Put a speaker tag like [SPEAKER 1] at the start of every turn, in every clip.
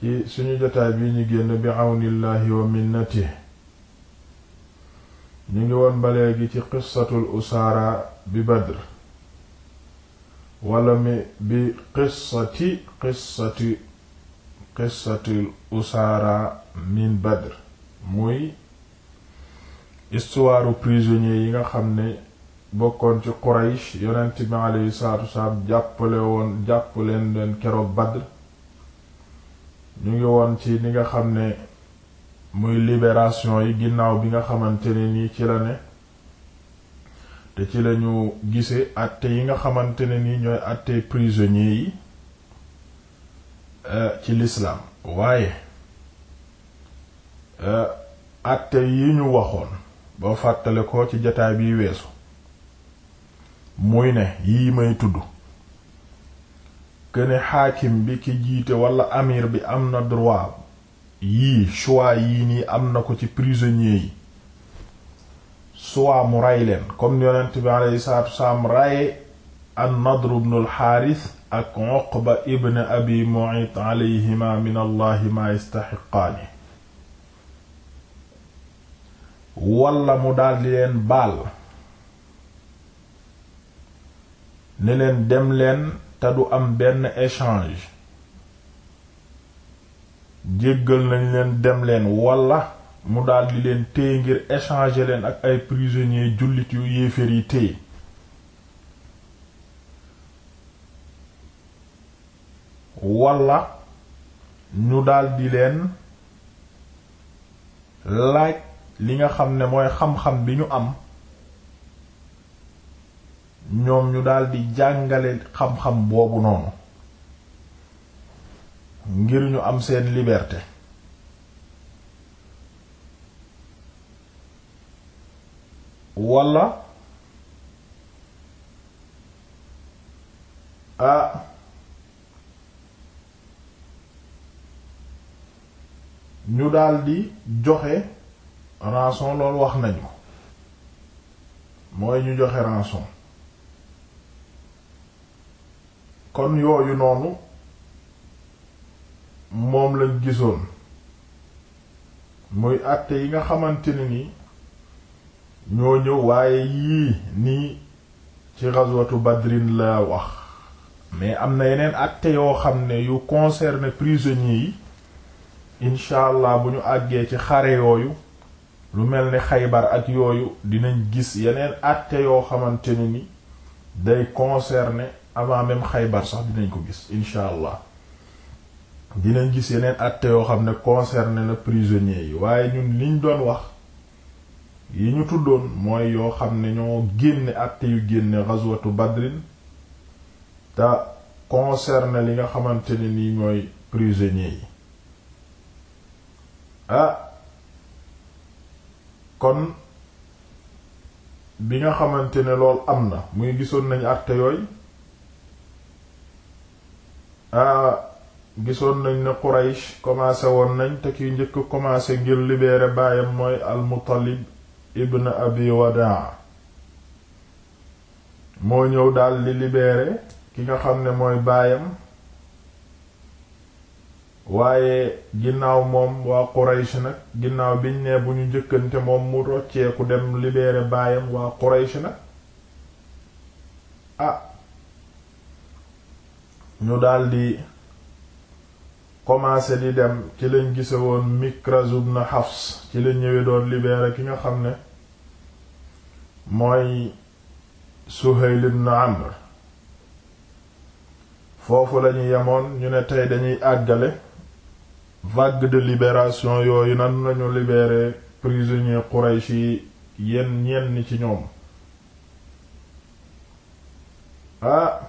[SPEAKER 1] ci suñu jotaay bi ñu génn bi àwnillaahi wa minnati ñu ngi woon ba léegi ci qissatul usaara bi badr wala mi bi qissati qissati qissatul usaara min badr muy histoire prisonnier yi nga xam ni bokkoon ci quraysh yonent bi aleyhi salaatu wasalaam jàppale woon jàppaleen leen keroog badr ñu ngi woon ci ni nga xam ne muy libération yi ginnaaw bi nga xamante ne nii ci la ne te ci lañu gise àtte yi nga xamante ne nii ñooy àtte prisonniers yi euh, ci lislaam waaye àtte euh, yi ñu waxoon ba fàttale ko ci jataay biy weesu muy ne yii may tudd këne xaakim bi ki jiite wala amir bi am na droit yii choix yii nii am na ko ci prisonnier yi soit mu ray leen comme ni yonent bi alayhi salaatu wasalaam ak Uqba ibn Abi Mu'ayt alayhima ma yastaxiqaani walla mu daldi leen baal ne leen dem leen te du am benn échange jéggal nañ leen dem leen walla mu daldi leen téye ngir échanger leen ak ay prisonniers jullit yu yéeféer yi téye walla ñu daldi leen laaj li nga xam ne mooy xam-xam bi ñu am ñoom ñu daldi jàngale xam-xam boobu noonu ngir ñu am seen liberté walla ah ñu daldi joxe rançon loolu wax nañu mooy ñu joxe rançon kon yooyu noonu moom lañ gisoon muy àtte yi nga xamante ne ni ñoo ñëw waaye yii nii ci ghazwatu Badrin la wax mais am na yeneen àtte yoo xam ne yu concerne prisonniers yi incha allah bu ñu àggee ci xare yooyu lu mel ni Xaybar ak yooyu dinañ gis yeneen àtte yoo xamante ne ni day concerner avant même Xaybar sax dinañ ko gis incha allah dinañ gis yeneen actes yoo xam ne concerné na prisonniers yi waaye ñun liñ doon wax yi ñu tuddoon mooy yoo xam ne ñoo génne actes yu génne ghazwatu Badrin te concerné li nga xamante ne nii mooy prisonniers yi ah kon bi nga xamante ne lool am na muy gisoon nañu actes yooyu ah gisoon nañ ne Quraysh commencé woon nañ te kiy njëkk commencé ngir libérer baayam mooy al-Muttalib ibn Abi Wadaa moo ñëw daldi libérer ki nga xam ne mooy baayam waaye ginnaaw moom waa Quraysh nag ginnaaw biñ ne bu ñu njëkkante moom mu rocceeku dem libérer baayam waa Quraysh nag ah, ñu daldi commencé di dem ci lañ gisewoon woon Mikraz Hafs ci lañ ñëwee doon libérer ki nga xam ne mooy Suhayl ibn Amr foofu lañu yemoon ñu ne tey dañuy àggale vague de libération yooyu nan lañu libérer prisonniers Quraysh yi yenn ñenn ci ñoom ah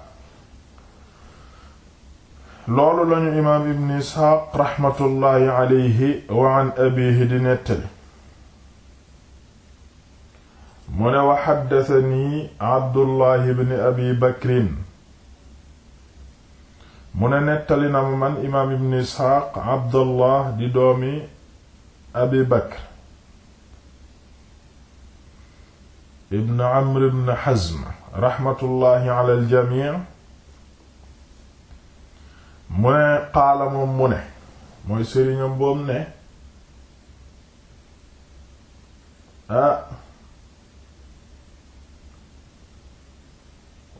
[SPEAKER 1] loolu lañu imaam ibn isxaaq raxmatullaahi aleyhi wa an abihi di nettali mu ne wa xaddasanii abdullahi bni abi bakrin mu ne nettali na ma man imaam ibn isxaaq abdullah di doomi abi bakr ibn amr ibn xazm raxmatullaahi ala aljamic mu ne qaala mu ne mooy sëriñam boobu ne ah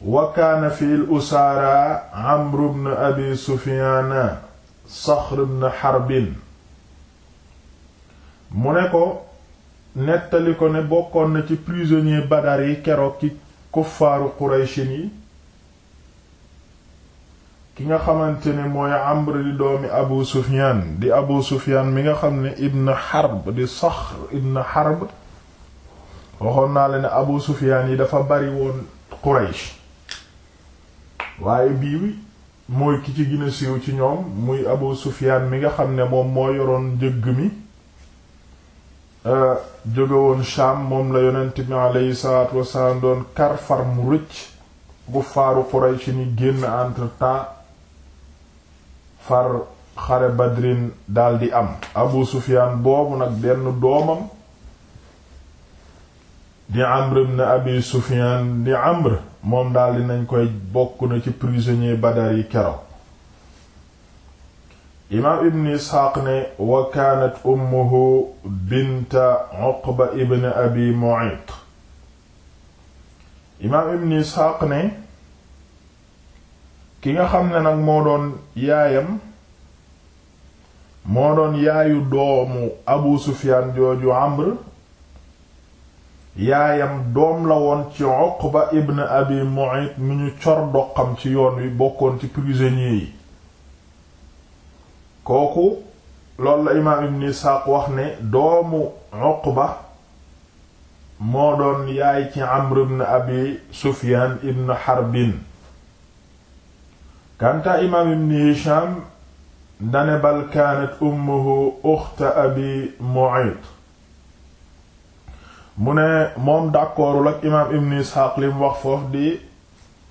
[SPEAKER 1] wa kaana fi l amru bn abi sufiaana saxr bn xarbin mu ne ko nettali ko ne bokkoon na ci prisonnier badar yi keroog ci kuffaaru quraychin yi ki nga xamante ne mooy Amr di doomi Abu Sufyan di Abu Sufyan mi nga xam ne Ibn Harb di Saxr Ibn Harb waxoon naa la ne Abu Sufyan yi dafa bari woon Quraysh waaye bii mooy ki ci gën siiw ci ñoom muy Abu Sufyan mi nga xam ne moom moo yoroon njëgg mi euh, jóge woon Sham moom la yonent bi alayhi salaatu wasalaam doon karfar mu rëcc bu faaru Quraysh ni génn entre temps far xare badrin daldi am abu sufiyaan boobu nag benn doomam di amr ibn abi sufiyaan di amr moom daldi nañ koy bokk na ci prisonnier badar yi keroog imaam ibn isxaaq ne wa kaanat ummuhu binta uqba ibn abi mu'ayt imaam ibn isxaaq ne ki nga xam ne nag moo doon yaayam moo doon yaayu doomu Abu Sufyaan jooju Amr yaayam doom la woon ci ba ibn Abi Mu'ayt mu ñu cor doqam ci yoon wi bokkoon ci prisonniers yi kooku loolu la imaam Ibn Isxaaq wax ne doomu ba moo doon yaay ci Amr ibn Abi Sufyaan ibn Harbin kanta imaam ibn hisham dane bal kaanat uxta abi mu'ayt mu ne moom d'accordul ak imaam ibn isxaaq lim wax foofu di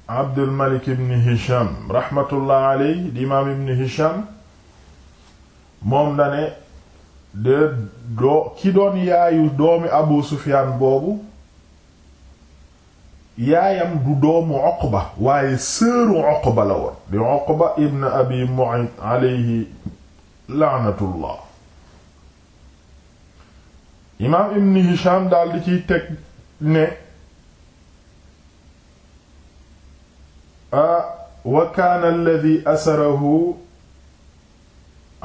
[SPEAKER 1] abdul malik ibn hisham rahmatullah aley di imaam ibn hisham moom dane de doo ki doon yaayu doomi abu sufyaan boobu yaayam du doomu Uqba waaye sëru Uqba la woon di Uqba ibn Abi Mu'ayt alayhi la'natullah imaam ibn Hisham daal di ciy teg ne a ah, wa kaana alladhi asarahu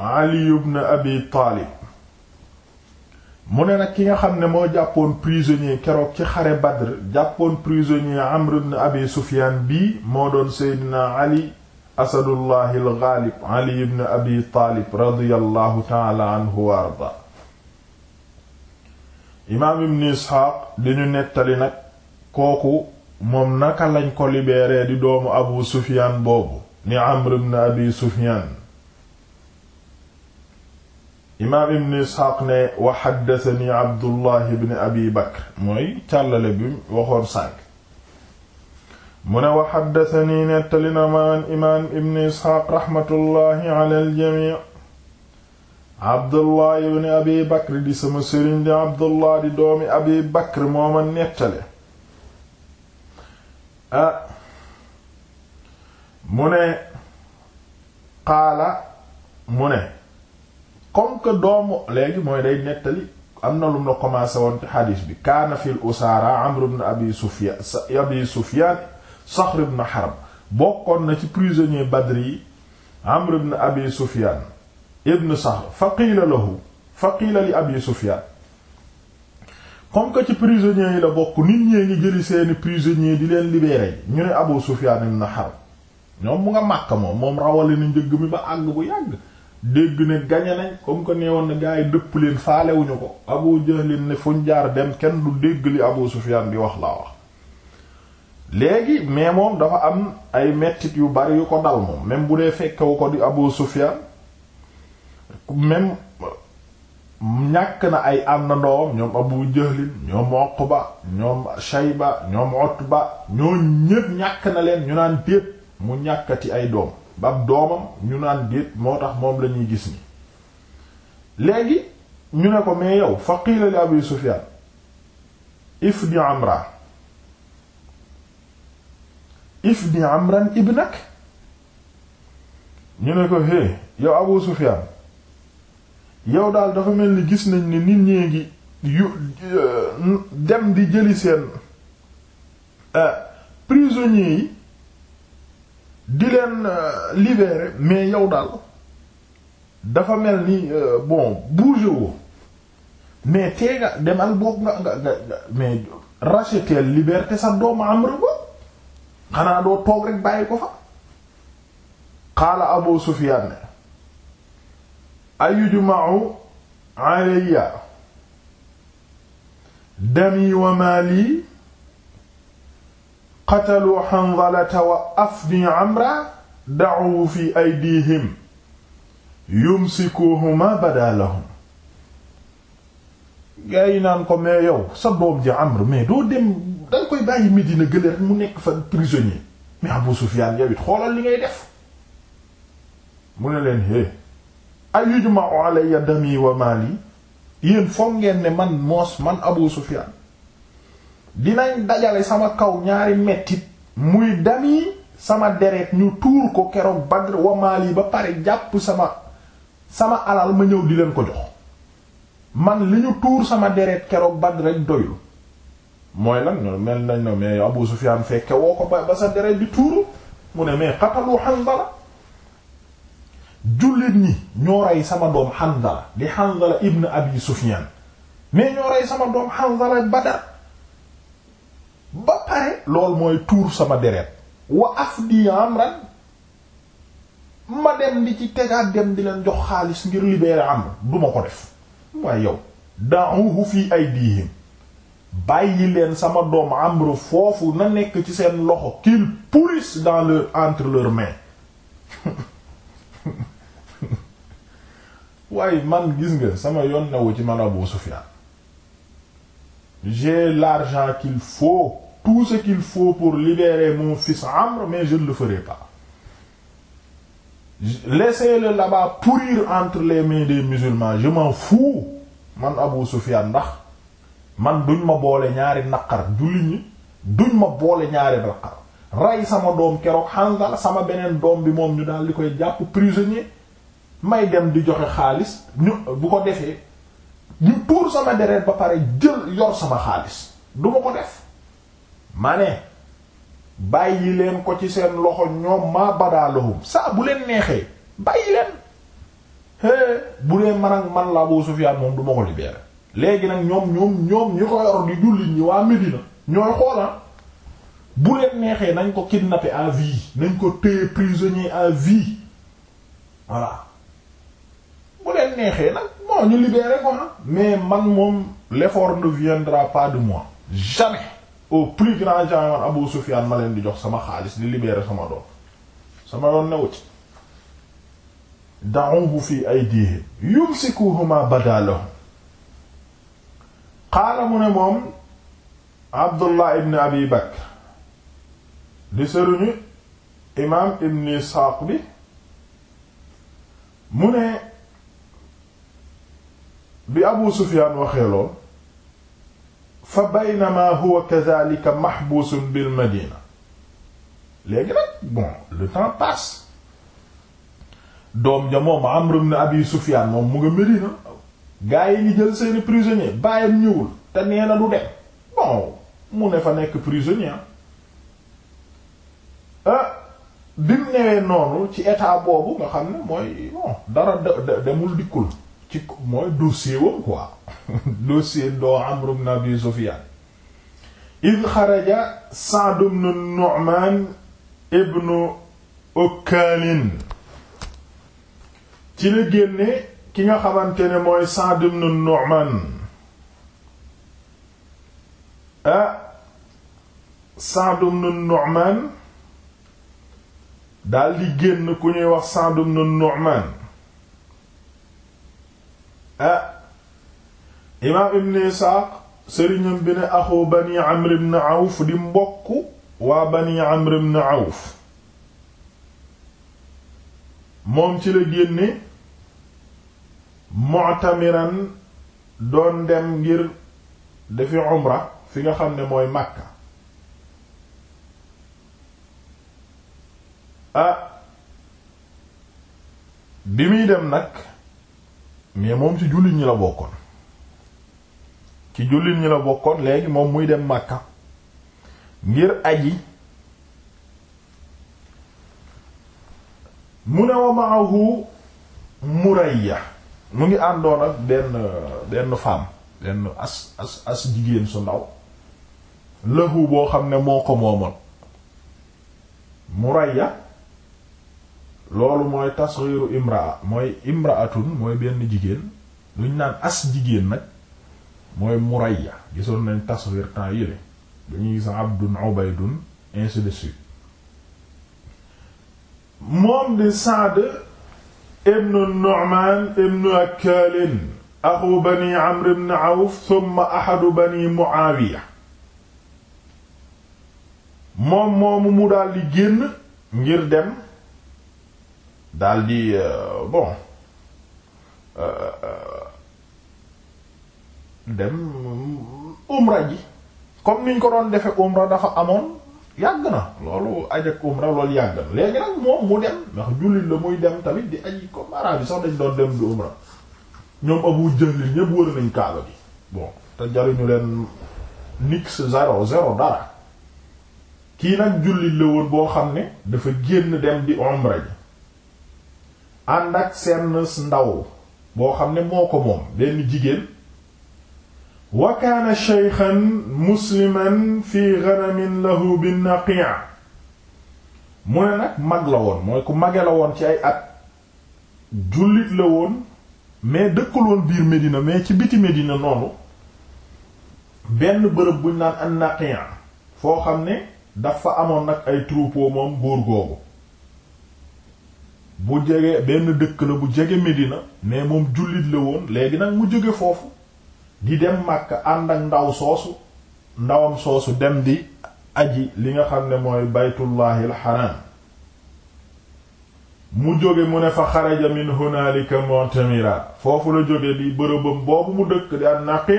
[SPEAKER 1] Ali ibn Abi Talib mu ne nag ki nga xam ne moo jàppoon prisonnier keroog ci xare Badr jàppoon prisonnier Amr ibn Abi Sufyaan bii moo doon Seydina Ali asadullahi al-Ghaalib Ali ibn Abi Taalib radiyallahu taala anhu wa arda imaam ibn Isxaaq diñu nettali nag kooku moom naka lañ ko libéré di doomu Abu Sufyaan boobu ni Amr ibn Abi Sufyaan imaam ibn isxaaq ne wa xaddatani abdullah ibn abi bakr mooy càllale bi waxoon sànk mu ne wa xaddatani nettali na maan imaam ibn isxaaq raxmatullahi ala aljami abdullah ibn abi bakr di sama sëriñ di abdullah di doomi abi bakr moo ma nettale ah mu ne qaala mu ne comme que doomu léegi mooy day nettali am na lum la commencé woon ci xadiis bi kaana fil usaara amr ibn abi sufyan abi sufyan saxr ibn harb bokkoon na ci prisonnier badri yi amr ibn abi sufyan ibn saxr fa qiila lahu fa qiila li abi sufyan comme que ci prisonniers yi la bokk nit ñee ngi jëli seeni prisonniers di leen libéré ñu ne abu sufyan na harb ñoom mu nga màkk moom moom rawale na njëgg mi ba àgg bu yàgg dégg ne gañe nañ comme que nee woon na gaa yi dëpp leen faalewuñu ko Abu Jahl ne fuñ jaar dem kenn du dégg li Abu Sufyan di wax laa wax léegi mais moom dafa am ay mettit yu bari yu ko dal moom même bu dee fekkewu ko di Abu Sufyan mem ñàkk na ay àndandoom ñoom Abu Jahl ñoom ba ñoom ba ñoom ba ñoo ñépp ñàkk na leen ñu naan déet mu ñàkkati ay doom ba doomam ñu naan déet moo tax moom la ñuy gis ni léegi ñu ne ko mais yow fa qiila li abi sufyan ifdi amran ifdi amran ibnak ñu ne ko hé yow abu sufyan yow daal dafa mel ni gis nañ ni nit ñee ngi euh, dem di jëli seen euh, prisonniers yi di leen euh, libérer mais yow daal dafa mel ni euh, bon bougé woo mais tee nga demal boog nga nga nga mais racheter liberté sa doomu am rek xanaa doo toog rek bàyyi ko fa qaala Abu Sufyaan ayujma'u alayya dami wa mali qataluu Hanzalata wa afni Amra da'u fi aydihim yumsikuhuma bada lahum yi naan ko mais yow sa doom ji Amr mais doo dem danga koy bàyyi Medina gële mu nekk fa prisonnier mais Abu Sufyaan yow xoolal li ngay def mu ne leen hé ayujma'u alayya dami wa mali yéen foog ne man moos man Abu Sufyaan dinañ dajale sama kaw ñaari mettit muy dami sama deret ñu tuur ko keroog Badr wa Mali ba pare jàpp sama sama alal ma ñëw di leen ko jox man li ñu tuur sama deret keroog Badr rek doylu mooy lan ño mel nañ ne mais Abu Sufyan fekke woo ko ba ba sa dereet di tuuru mu ne mais xatalu Hanzala jullit ni ñoo rey sama doom Hanzala di Hanzala ibn Abi Sufyan mais ñoo rey sama doom Hanzala Badar ba pare loolu mooy tuur sama deret waa af di amran ma dem di ci tegaat dem di leen jox xaalis ngir libérer amr duma ko def waaye yow da'uhu fi aydihim bàyyi leen sama doom amr foofu na nekk ci seen loxo qu'il pourrisse dans le entre leurs mains waaye man gis nga sama yoon newu ci man Abu Sufyan j'ai l'argent qu'il faut tout ce qu'il faut pour libérer mon fils Amr mais je ne le ferai pas laissez-le là-bas entre les mains des musulmans je m'en man Abu Sufyan ndax man duñ ma boole ñaari naqar jullit ñi duñ ma boole ñaari naqar rey sama doom keroog Hanzala sama beneen doom bi moom ñu daal di koy jàpp prisonnier may dem di joxe xaalis ñu bu ko defee di tuur sama deret ba pare jël yor sama xaalis du ma ko def ma ne bàyyi leen ko ci seen loxo ñoom maa badaalahum saa bu leen neexee bàyyi leen bu dee man ak man la Abu Sufyaan moom du ma ko libéré léegi nag ñoom ñoom ñoom ñi ko yor di jullit ñi waa Medina ñooy xoola ah. bu leen neexee nañ ko kidnappé à vie nañ ko téye prisonnier à vie voilà bu leen neexee nag bon ñu libéré ko mais man moom l'effort ne viendra pas de moi jamais au plus grand jamono Abu Sufyan ma leen di jox sama xaalis di libéré sama doom sama yoon newu ci da'uhu fi aydihim yumsikuhuma badalahum qaala mu ne moom Abdullah ibn Abi Bakr di sëruñu imaam ibn Isxaaq bi mu ne bi abu sufiyaan waxeeloo fa baynama huwa kadhalika mahbuusun bil madina léegi nag bon le temps passe doom ja moom amr ibn abi sufiyaan moom mu nga medina gaa yi ngi jël seeni prisonnier bàyyam ñëwul te nee na du dem bon mu ne fa nekk prisonnier ah bi mu newee noonu ci état boobu nga xam ne mooy bon dara demul dikkul ci mooy dossier wam quoi dossier doo Amr ibn Abi Sufyan id xaraja Sa'd ibn Nu'man ibnu Ukkaalin ci la génne ki nga xamante ne mooy Sa'd ibn Nu'man ah Sa'd ibn Nu'man daldi génn ku ñuy wax Sa'd ibn Nu'man ah eh? imaam ibn Isaaq sëriñam bi ne axu bani Amr ibn Awf di mbokk waa bani Amr ibn Awf moom ci la génne mu'tamiran doon dem ngir dafi umra fi nga xam ne mooy Makka ah bi muy dem nag mais moom ci jullit ñi la bokkoon ci jullit ñi la bokkoon léegi moom muy dem Makka ngir aji mu ne wa maahu Murayya mu ngi àndoon ak benn benn femme benn as as as jigéen su ndaw lëhu boo xam ne moo ko moomoon Murayya loolu mooy tasxiiru imraa mooy imraatun mooy benn jigéen luñ naan as jigéen nag mooy murayya gisoon nañ tasxiir temps yële dañuy gis abdun ubaydun ainsi de suite moom di Saad ibnu Nu'man ibnu Akalin axu bani Amr ibn Awf thumma bani Muawiya moom moomu mu daldi génn ngir dem daal di euh, bon euh, euh, dem umra ji comme niñ ko doon defe umra dafa amoon yàgg na loolu aj ak umra loolu yàgg na léegi nag moom mu dem ndax jullit la muy dem tamit di aji comme araab yi sax dañ doon dem di umra ñoom abu jëlin ñépp wër nañ kaaba bi bon te jariñu leen nix zéro zéro dara kii nag jullit la woon boo xam ne dafa génn dem di umra ji ànd ak seen ndaw boo xam ne moo ko moom benn jigéen wa kaana shaykhan fi ghanamin lahu bin naqi'a mu ne nag mag la woon mooy ku mage la woon ci ay at jullit la woon mais dëkkul woon biir Medina mais ci biti Medina noonu benn bërëb buñ naan an naqi'a foo xam ne dafa amoon nag ay troupeau moom buur googu bu jege benn dëkk la bu jege Medina mais moom jullit la woon léegi nag mu jóge foofu di dem makk ànd ak ndaw soosu ndawam soosu dem di aji li nga xam ne mooy baytullahi alxaram mu jóge mu ne fa xaraja min hunalika montamira foofu la jóge di bërëbam boobu mu dëkk di ak naqi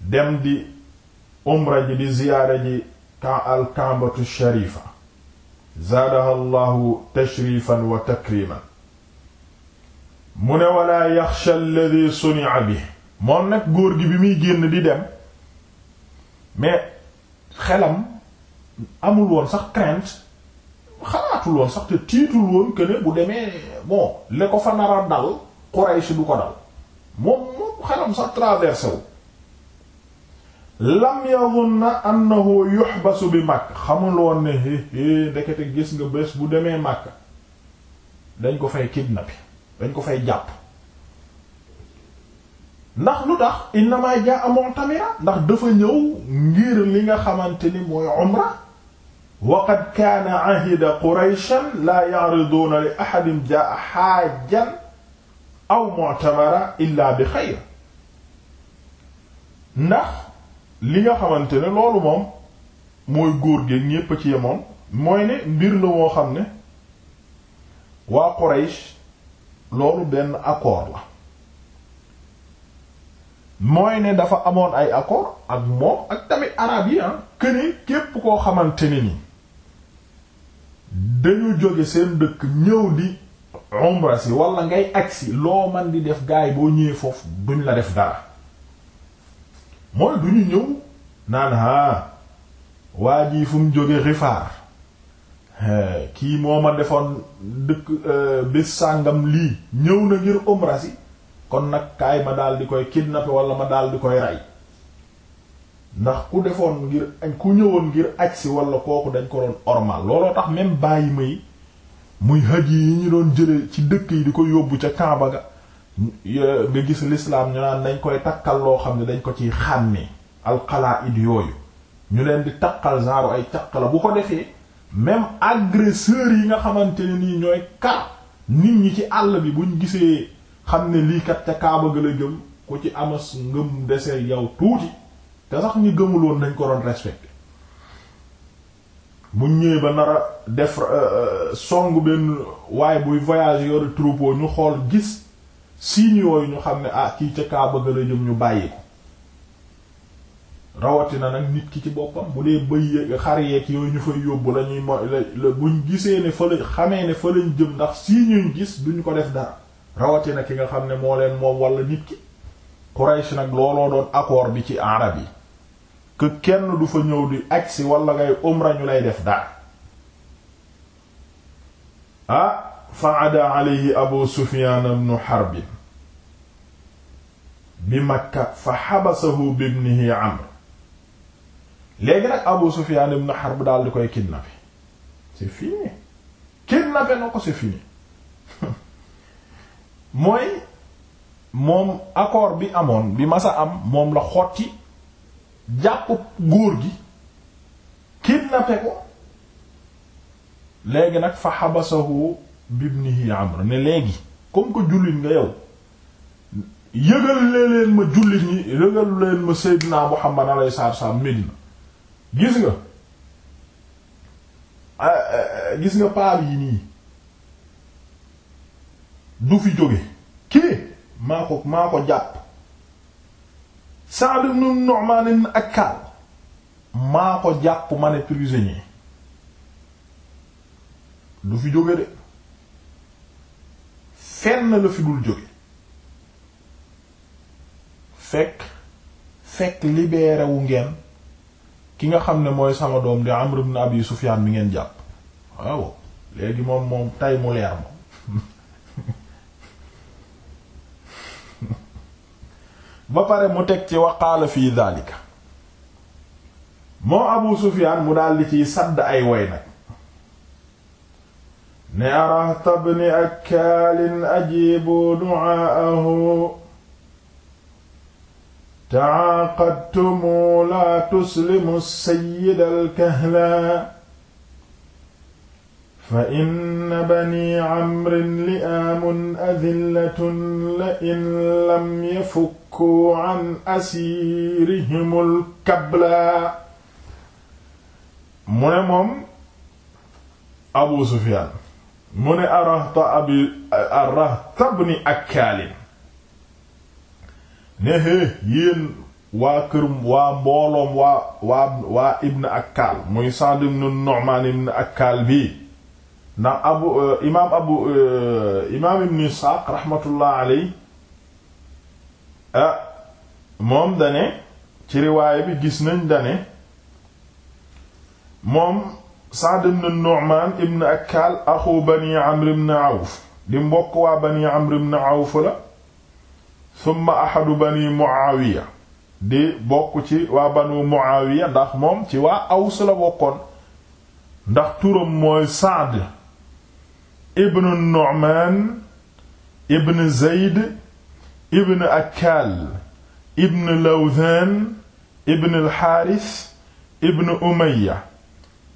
[SPEAKER 1] dem di umra ji di ziyaara ji kambatu sharifa zaadaha allahu tashrifan wa takriman mu ne walaa yaxsha alladi sunia bi moom nag góor gi bi muy génn di dem mais xelam amul woon sax crainte xalaatul woon sax te tiitul woon que bu demee bon le ko fa nar a dal Quraysh du ko dal moom moom xelam sax traversé lam yadunna annahu yuhbasu bi Makka xamul woon ne éé ndekete gis nga bés bu demee Makka dañ ko fay kidnapé dañ ko fay jàpp ndax lu tax innama jaa mu'tamira ndax dafa ñëw ngir li nga xamante ni mooy umra wa qad kaana ahida qurayshan laa ya'riduuna li ahadin jaa xaajan aw mu'tamara illa bi xayr ndax li nga xamante ne loolu moom mooy góor géeg ñépp a ci yemoon mooy ne mbir la woo xam ne waa Quraysh loolu benn accord la mooy ne dafa amoon ay accord ak moom ak tamit arab yi ah këne képp koo xamante ni dañu jóge seen dëkk ñëw di umra si walla ngay agsi loo man di def gaay boo ñëwee foofu duñ la def dara mooy du ñu ñëw naan ah waa jii fum mu jóge rifaar kii moo ma defoon dëkk e, bés sàngam lii ñëw na ngir umra kon nag kaay ma daal di koy kidnapper wala ma daal di koy rey ndax ku defoon ngir ku ñëwoon ngir agsi walla kooku dañ ko doon ormal looloo tax même bàyyi may muy haj yi ñu doon jële ci dëkk yi di ko yóbbu ca Kaaba ga nga gis l'islam ñu naan dañ koy takkal loo xam ne dañ ko ciy xàmmee alxalaid yooyu ñu leen di takkal genre ay caq la bu ko defee même agresseurs yi nga xamante ni nii ñooy kar nit ñi ci àll bi buñ gisee xam ne lii kat ca Kaaba ga la jëm ku ci amas ngëm dese yow tuuti te sax ñi gëmuloon nañ ko doon respecté bu ñëwee ba nar a def euh, euh, song benn waaye buy voyage yor troupeau ñu xool gis signes yooyu ñu xam ne ah kii ca Kaaba ga la jëm ñu bàyyi ko rawatina nag nit ki ci boppam bu dee bëy xar yeeg yooyu ñu fay yóbbu la ñuy la buñ gisee ne fa la xamee ne fa lañ jëm ndax signes gis duñ ko def dara rawatina ki nga xam ne moo leen moom walla nit ki. Quraysh nag looloo doon accord bi ci arab yi que kenn du fa ñëw di agsi wala ngay umra ñu lay def dara ah. fa'ada alayhi abu sufyaan ibnu harb bi makka fa xabasahu bi ibnihi amr léegi nag abu sufyaan ibnu harb daal di koy kidnappé c'est fini kidnappé na ko c'est fini mooy moom accord bi amoon bi masa am moom la xotti jàpp góor gi kidnappé ko léegi nag fa xabasahu bibnihi amr ne léegi comme que jullit nga yow yëgal leen ma jullit ñi yëgal leen ma Seydina Muhammad alayhi salaatu wasallam Medina gis nga gis nga paar yi nii du fi jóge kii maa ko maa ko jàpp Sa'd ibn Nu'man ibn Akkal maa ko jàpp ma ne prisonnier du fi jóge de fenn la fi dul jóge fekk fekk libéré ngeen ki nga xam ne mooy sama doom di Amr ibn Abi Sufyan mi ngeen jàpp waaw léegi moom moom tay mu leer moom ba pare mu teg ci waqaala fii daalika moo Abu Sufyan mu daal di ciy sadd ay way nag ne arahta bni akkaalin ajibu du'aahu taaqadtumu laa tuslimu sayyid alkahla fa inna bani amrin li'aamun adillatun la in lam yafukku an asiirihimul kabla mu ne moom Abu Sufyaan mu ne arahta abi arahta bni akkaalin ne hee yéen waa kërum waa mbooloom waa ibn akkaal muy Sa'd ibn Nu'man ibn akkaal bi ndax abu eh, eh, ibn Isxaaq raxmatullah aley ah dane ci riwaaya bi gis nañ dane moom Saad ibn Nu'man ibn Akkal axu bani Amr ibn Awf di mbokk waa bani Amr ibn Awf la summa ahadu bani Muawiya di bokk ci waa banu Muawiya ndax moom ci waa Aws la bokkoon ndax turam mooy Saad ibn Nu'man ibn Zayd ibn Akkal ibn Lawdhan ibn al-Harith ibn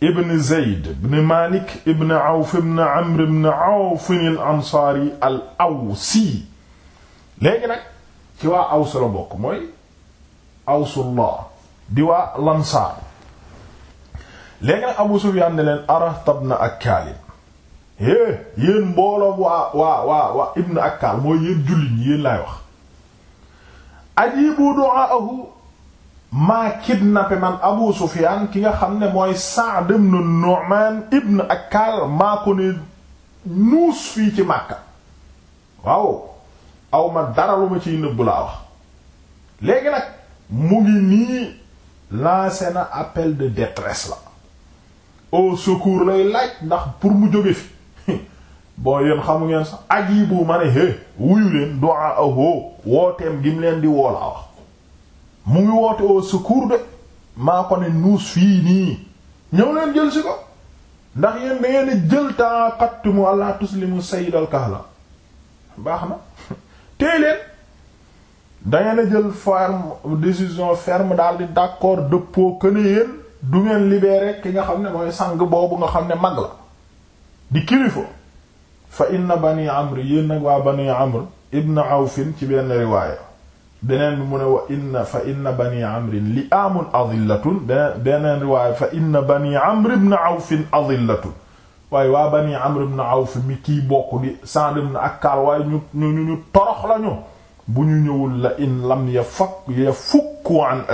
[SPEAKER 1] ibn zeyd ibn malik ibn awf ibn amr ibn awf al ansaari al awsi léegi nag ci waa aws bokk mooy awsullah di waa lansaar léegi nag abu sufyaan ne leen arahtabna ak kaalib é eh, yéen mbooloom waa waa waa waa ibn akkaal mooy yéen jullit ñi laay wax ajibu du'aahu maa kidnappé man Abu Sufyan ki nga xam ne mooy Sa'd ibn Nu'man ibn Akkal maa ko ne nuus fii ci Makka waaw aw ma dara lu ma ciy nëbbu laa wax léegi nag mu ngi nii lancé na appel de détresse la au secours lay laaj ndax pour mu jóge fi bon yéen xamu ngeen sax ajibu ma ne é wuyu leen du'a aho wooteem gi mu leen di woolaa wax mu ngi woote au secours de maa ko ne nuus fii nii ñëw leen jël si ko ndax yéen da ngeen jël taa xattumu àla tuslimu sayidal kaala baax na téy leen dangeen a jël ferme décision ferme daal di d'accord dëppoo que ne du ngeen libérer ki nga xam ne mooy sang boobu nga xam ne mag la di kilifa fa inna bani amr yéen waa bani amr ibn awfin ci benn riwaaya beneen bi mu ne wa inna bani amrin li amun adillatun beneen riwaaya fa inna bani amr ibn awfin adillatun waaye waa bani amr ibn awf mi kii bokk di sandem na ak kaar waaye ñu ñu ñu torox lañu bu ñu ñëwul la in la ya fakk ya fukku an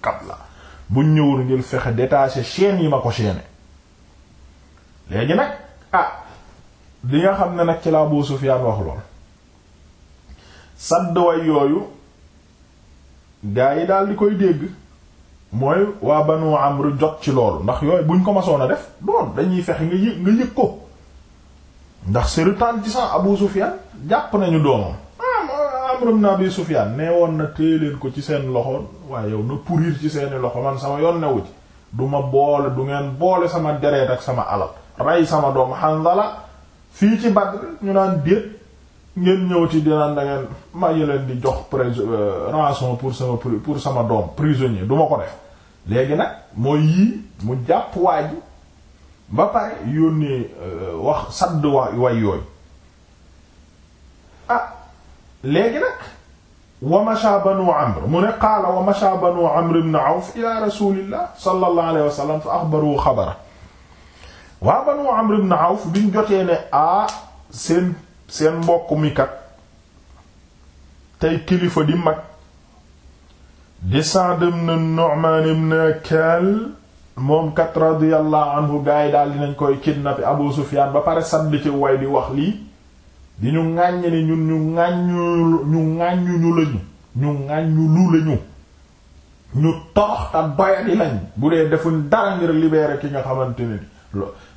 [SPEAKER 1] kabla bu ñu ñëwul ngir fexe détacher chaîne yi ma ko chaîne léegi nag ah li nga xam ne nag ci la Abu Sufyaan wax lool sadd way yooyu gaa yi daal di koy dégg mooy waa banu amru jot ci loolu ndax yooyu buñ ko masoon a def doon dañuy fexe nga yëg nga yëg ko ndax c'est retentissant Abu Sufyan jàpp nañu doomam ah, Amr ibn Abi Sufyan nee woon na téye leen ko ci seen loxo waaye yow na pourrir ci seeni loxo man sama yoon newu ci du ma boole du ngeen boole sama deret ak sama alal rey sama doom Hanzala fii ci Badr ñu naan déet ngeen ñëw ci dinaan da ngeen leen di jox pres euh, rançon pour sama pour sama doom prisonnier duma ko def léegi nag mooy yii mu jàpp waa ji ba pare yónnee euh, wax sadd wa way yooyu ah léegi nag wa masha banu amr mu ne qaala wa masha banu amr ibn awf ila rasulillah sallallahu alayhi fa axbaru xabara waa banu amr ibn awf biñ jotee ne ah seen seen mbokk mi kat tey kilifa di mag di Sa'd ibn Nu'man ibn Kal moom kat radiyallahu anhu yi daal dinañ koy kidnapé Abu Sufyan ba pare sàdd ci way di wax lii di ñu ŋàññ ni ñun ñu ŋàññu ñu ŋàññuñu lañu ñu ŋàññu lu lañu ñu torox ta bayadi lañ bu dee defuñ dara ngir libérer ki nga xamante ne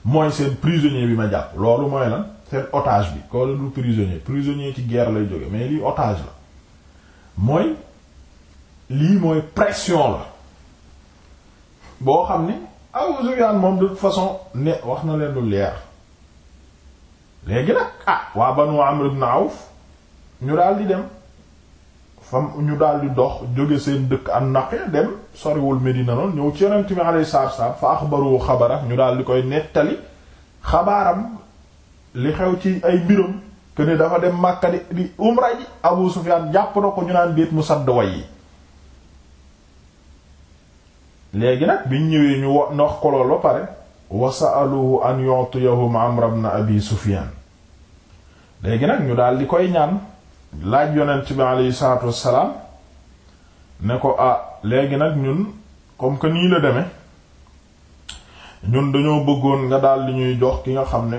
[SPEAKER 1] mooy seen prisonnier bi ma jàpp loolu mooy lan seen otage bi koo la du prisonnier prisonnier ci guerre lay jóge mais lii otage la mooy lii mooy pression la boo xam ni Abu Sufyaan moom de façon ne wax na leen lu leer léegi nag ah waa Banu Amr ibn Awf ñu daal di dem fam ñu daal di dox jóge seen dëkk an naqe dem soriwul Medina noonu ñëw ci yonent mi alayhi salaatu wa fa axbaru xabara ñu daal di koy nettali xabaaram li xew ci ay mbiram que ne dafa dem Makka di di umra ji Abu Sufyaan jàpp na ko ñu naan déet mu sadd way yi léegi nag biñ ñëwee ñu wa nox ko lool ba pare wa sa'aluhu an yu'tiyahum Amr ibn Abi Sufyaan léegi nag ñu daal di koy ñaan laaj yonent bi aleyhi salaatu wassalaam ne ko ah léegi nag ñun comme que nii la deme ñun dañoo bëggoon nga daal di ñuy jox ki nga xam ne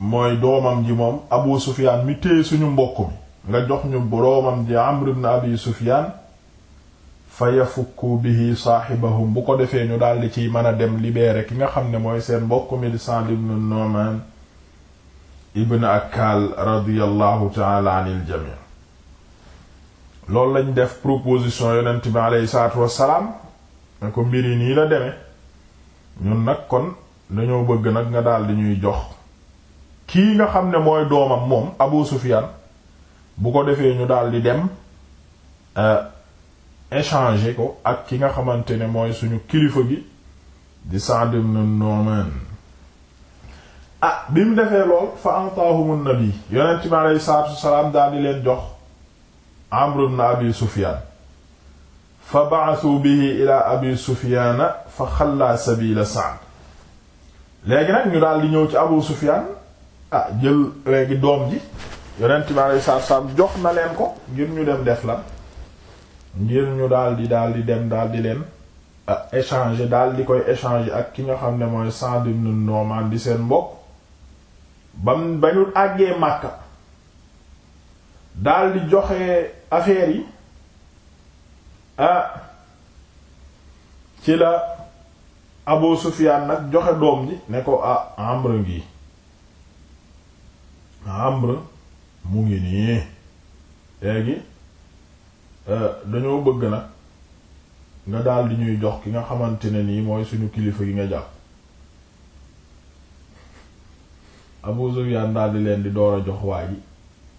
[SPEAKER 1] mooy doomam ji moom Abu Sufyaan mi téye suñu mbokk mi nga jox ñu boroomam ji Amr ibn Abi Sufyaan fa yafukku bihi saahibahum bu ko defee ñu daldi ciy mën a dem libérer ki nga xam ne mooy seen mbokk mi di Sahl ibn Nu'man ibn Akkal radiyallahu ta'ala anil jami' loolu lañ def proposition yonent bi aleyhi salaatu wassalaam ne ko mbir yi nii la demee ñun nag kon dañoo bëgg nag nga daldi ñuy jox kii nga xam ne mooy doomam moom Abu Sufyan bu ko defee ñu daal di dem euh, échanger ko ak ki nga xamante ne mooy suñu kilifa gi di Sa'd ibn Nu'man ah bi mu defee lool fa antahum nabi yonent mi aleyhi salaatu wasalaam daal di leen jox Amr ibn Abi Sufyan fa ba'athu bihi ila Abi Sufyan fa xallaa sabila Sa'd léegi nag ñu daal di ñëw ci Abu Sufyan ah jël léegi doom ji yonent bi alei saatu salaam jox na leen ko ngir ñu dem def la ngir ñu daal di daal di dem daal di leen ah échanger daal di koy échanger ak ki nga xam ne mooy Sa'd ibn Nu'man di seen mbokk bam ba ñu àggee Makka daal joxe affaire yi ah ci la Abu Sufyan nag joxe doom ji ne ko ah Amr ngi amr mu ngi nii léegi euh, dañoo bëgg nag nga daal ñuy jox ki nga xamante ne nii mooy suñu kilifa gi nga jàpp Abu Sufyaan daal leen di door a jox waa ji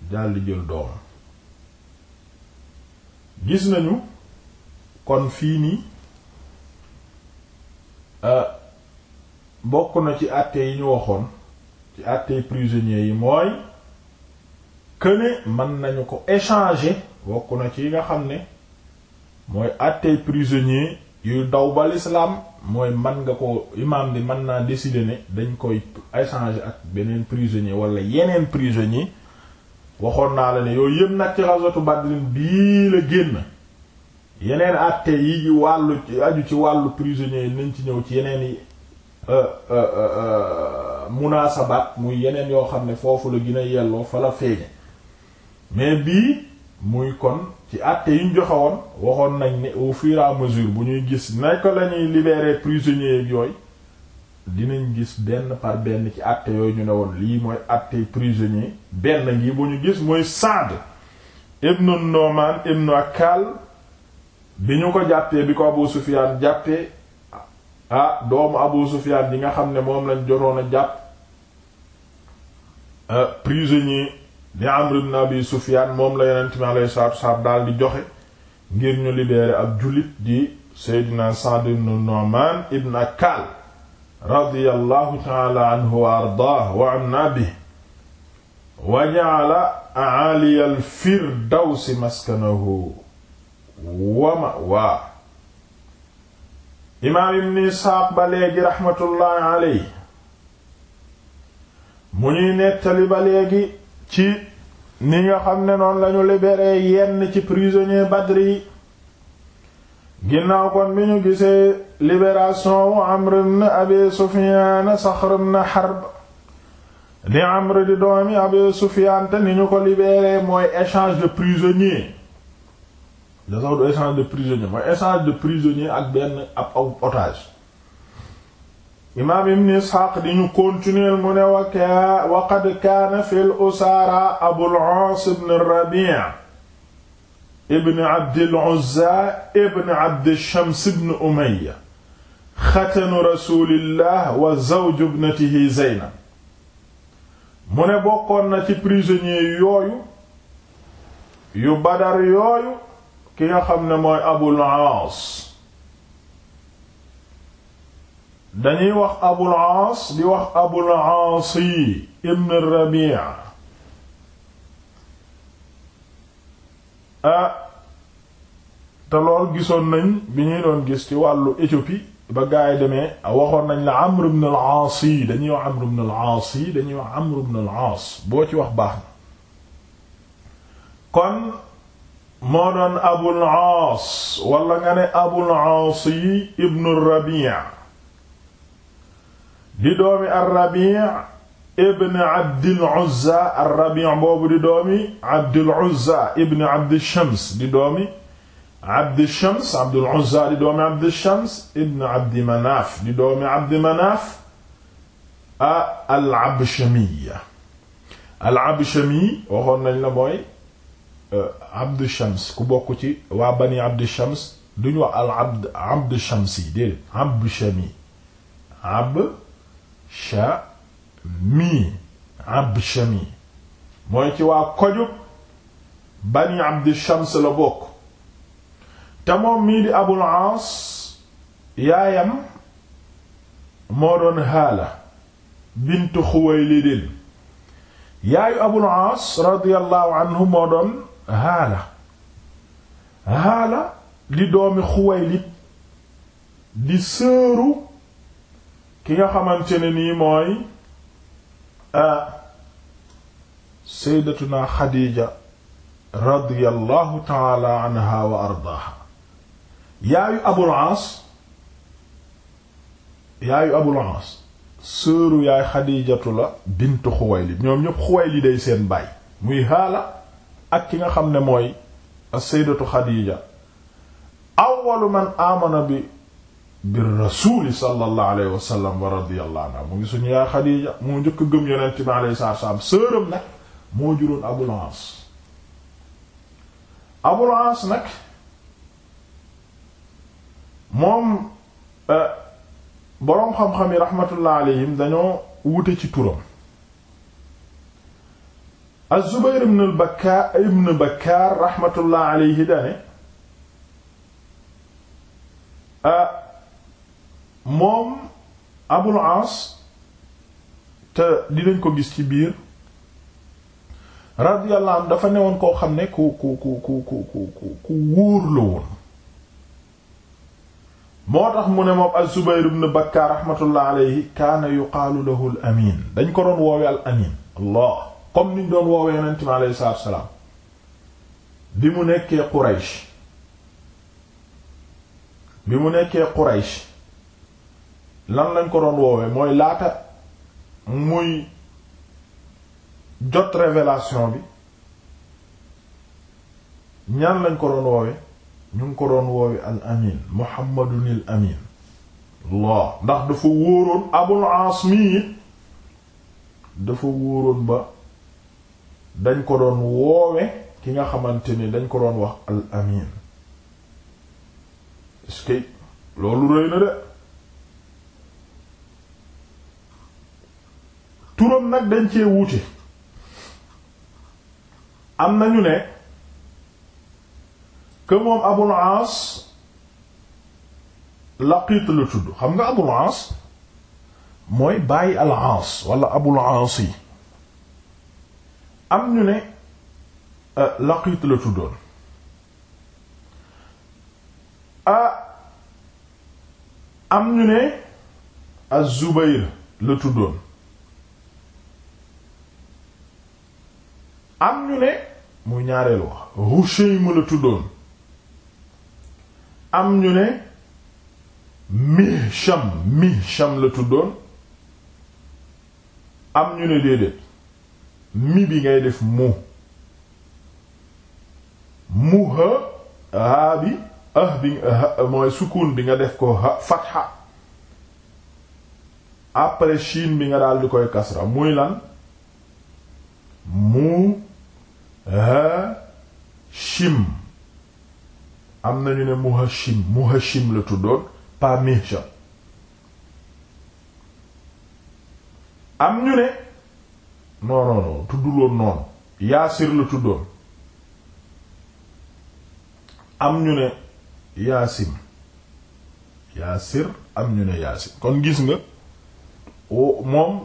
[SPEAKER 1] jël doomam gis nañu kon fii nii euh, bokk na ci àtte yi ñu waxoon ci àttee prisonniers yi mooy këne mën nañu ko échanger wokk na ci yi nga xam ne mooy àttee prisonniers yu daw ba l'islam mooy man nga ko imam bi mën naa décider ne dañ koy échanger ak beneen prisonnier wala yeneen prisonnier waxoon naa la ne yooyu yëpp nag ci ghazwatu Badrin bii la génn yeneen àtte yi ci wàllu aju ci wàllu prisonnier yi nañ ci ñëw ci yeneen yi euh, euh, euh, munaasabaat muy yeneen yoo xam ne foofu la gën a yelloo fa la feeñe mais bii muy kon ci àtte yiñ ñu joxe waxoon nañ ni au fur et à bu ñuy gis na ko la ñuy libérer prisonniers dinañ gis benn par benn ci àtte yooyu ñu ne woon lii mooy àtte prisonnier benn ngi bu ñu gis mooy Saad ibnu Nu'man ibnu Akkal bi ñu ko jàppee bi ko Abu Sufyan jàppee ah doomu Abu Sufyaan yi nga xam ne moom lañ jotoon a jàpp ah, prisonnier di Amr ibn Abi moom la Yonent mi alayhi salaatu wassalaam daal di joxe ngir ñu libérer ab jullit di Seydina Sa'd ibn Nu'maan ibn Akal radiyallahu ta'ala anhu wa ardaahu wa anna bihi wa ja'ala a'aali firdawsi maskanahu wa ma'waahu imaam ibn isxaaq ba léegi raxmatullaahi aley mu ñuy nettali ba léegi ci ni nga xam ne noon lañu libéré yenn ci prisonnier badri yi ginnaaw kon bi ñu gisee libération wu amr ibn abi sufyaan saxr ibn harb di amr di doomi abi sufyaan ni ñu ko libéré mooy échange de prisonnier da sax du échange de prisonnier mooy échange de prisonnier ak benn ab aw otage imaam ibn isxaaq di ñu continuer mu ne wa wa qad kaana fi l usaara abul aas ibn rabi' ibn abdil uzza ibn abdi shams ibn umayya xatanu rasulillah wa zawju ibnatihi zeynab mu ne bokkoon na ci prisonnier yooyu yu badar yooyu ki nga xam ne mooy Abul Aas dañuy wax Abul Aas di wax Abul Aas yi ibn Rabi'a ah te lool gisoon nañ bi ñuy doon gis ci wàllu Éthiopie ba gaay yi demee waxoon nañ la Amr ibn al yi dañuy wax Amr ibn al-Aas wax Amr boo ci wax baax na kon moo doon abul aas wala nga ne abul aas yi ibnu rabii di doomi arrabii ibn abdil uzza arrabii boobu di doomi abdil uzza ibn abdi shams di doomi abdi shams abdul uzza di doomi abdi shams ibn abdi manaaf di doomi abdi manaaf a al abshamiya al abshami waxoon nañ la mooy Euh, abdu ci waa bani abdu shams duñu wax al abd abd shams yi déedéet abd shami ab shami mooy ci waa kojub bani abd shams la bokk te moom mii di abul yaayam moo haala bint xuwaylidin yaayu abul aas radiyallahu anhu moo haala haala di doomi Xuwaylid di sëru ki nga xamante ne nii mooy sayyidatuna Xadiija radiyallahu taala anha wa ardaaha yaayu Abul Aas yaayu Abul Aas sëru yaay Xadiijatu la bintu Xuwaylid ñoom ñépp Xuwaylid day seen baay muy haala ak ki nga xam ne mooy as-sayyidatu Xadiija awwalu man amana bi bi rasuuli sallallahu alayhi wa sallam wa radiyallahu anha mu ngi suñu yaay Xadiija moo njëkk gëm yonent bi alayhi salaatu salaam sëram nag moo juróon Abul Aas Abul Aas nag moom eh, boroom xam-xam yi rahmatullah dañoo wute ci turam az-Zubayr ibn al-Bakkaar ibn alayhi dane moom Abul Aas te dinañ ko gis ci biir radiyallahu anhu dafa newoon koo xam ne ku ku ku ku ku ku ku wóor la woon moo tax mu ne moom az-Zubayr ibn Bakkaar raxmatullah alayhi kaana yuqaalu lahu al dañ ko doon woowe al-Amiin comme niñ doon woowee yonent mi aleyhi salaatu salaam bi mu nekkee Quraysh bi mu nekkee Quraysh lan lañ ko doon woowee mooy laata muy jot révélation bi ñaan lañ ko doon woowe ñu ko doon woowe al amin muhammadunil amin Allah ndax dafa wóoroon abul aas mi dafa wóoroon ba dañ ko doon woowe ki nga xamante ni dañ ko doon wax al amin est-ce loolu rëy na de turam nag dañ cee wuute am nañu ne que moom Abul Aas Laqiit la tudd xam nga Abul Aas mooy bàyyi al Aas wala Abul Aas yi am ñu ne euh, laqiit la tuddoon a euh, am ñu ne az-Zubayr la tuddoon am ñu ne muy ñaareel wax Hushaym la tuddoon am ñu ne Mihsham Mihsham la tuddoon am ñu ne déedéet mi bi ngay def mu mu ha haa bi ah bi mooy sukun bi nga def ko fatha après shin bi nga daal di koy kasra muy lan mu ha shim am nañu ne muhashim muhashim la tuddoon pas mihsham am ñu ne non non non noonu yaasir la tuddoon am ñu ne yaasin yaasir am ñu ne yaasin kon gis nga moom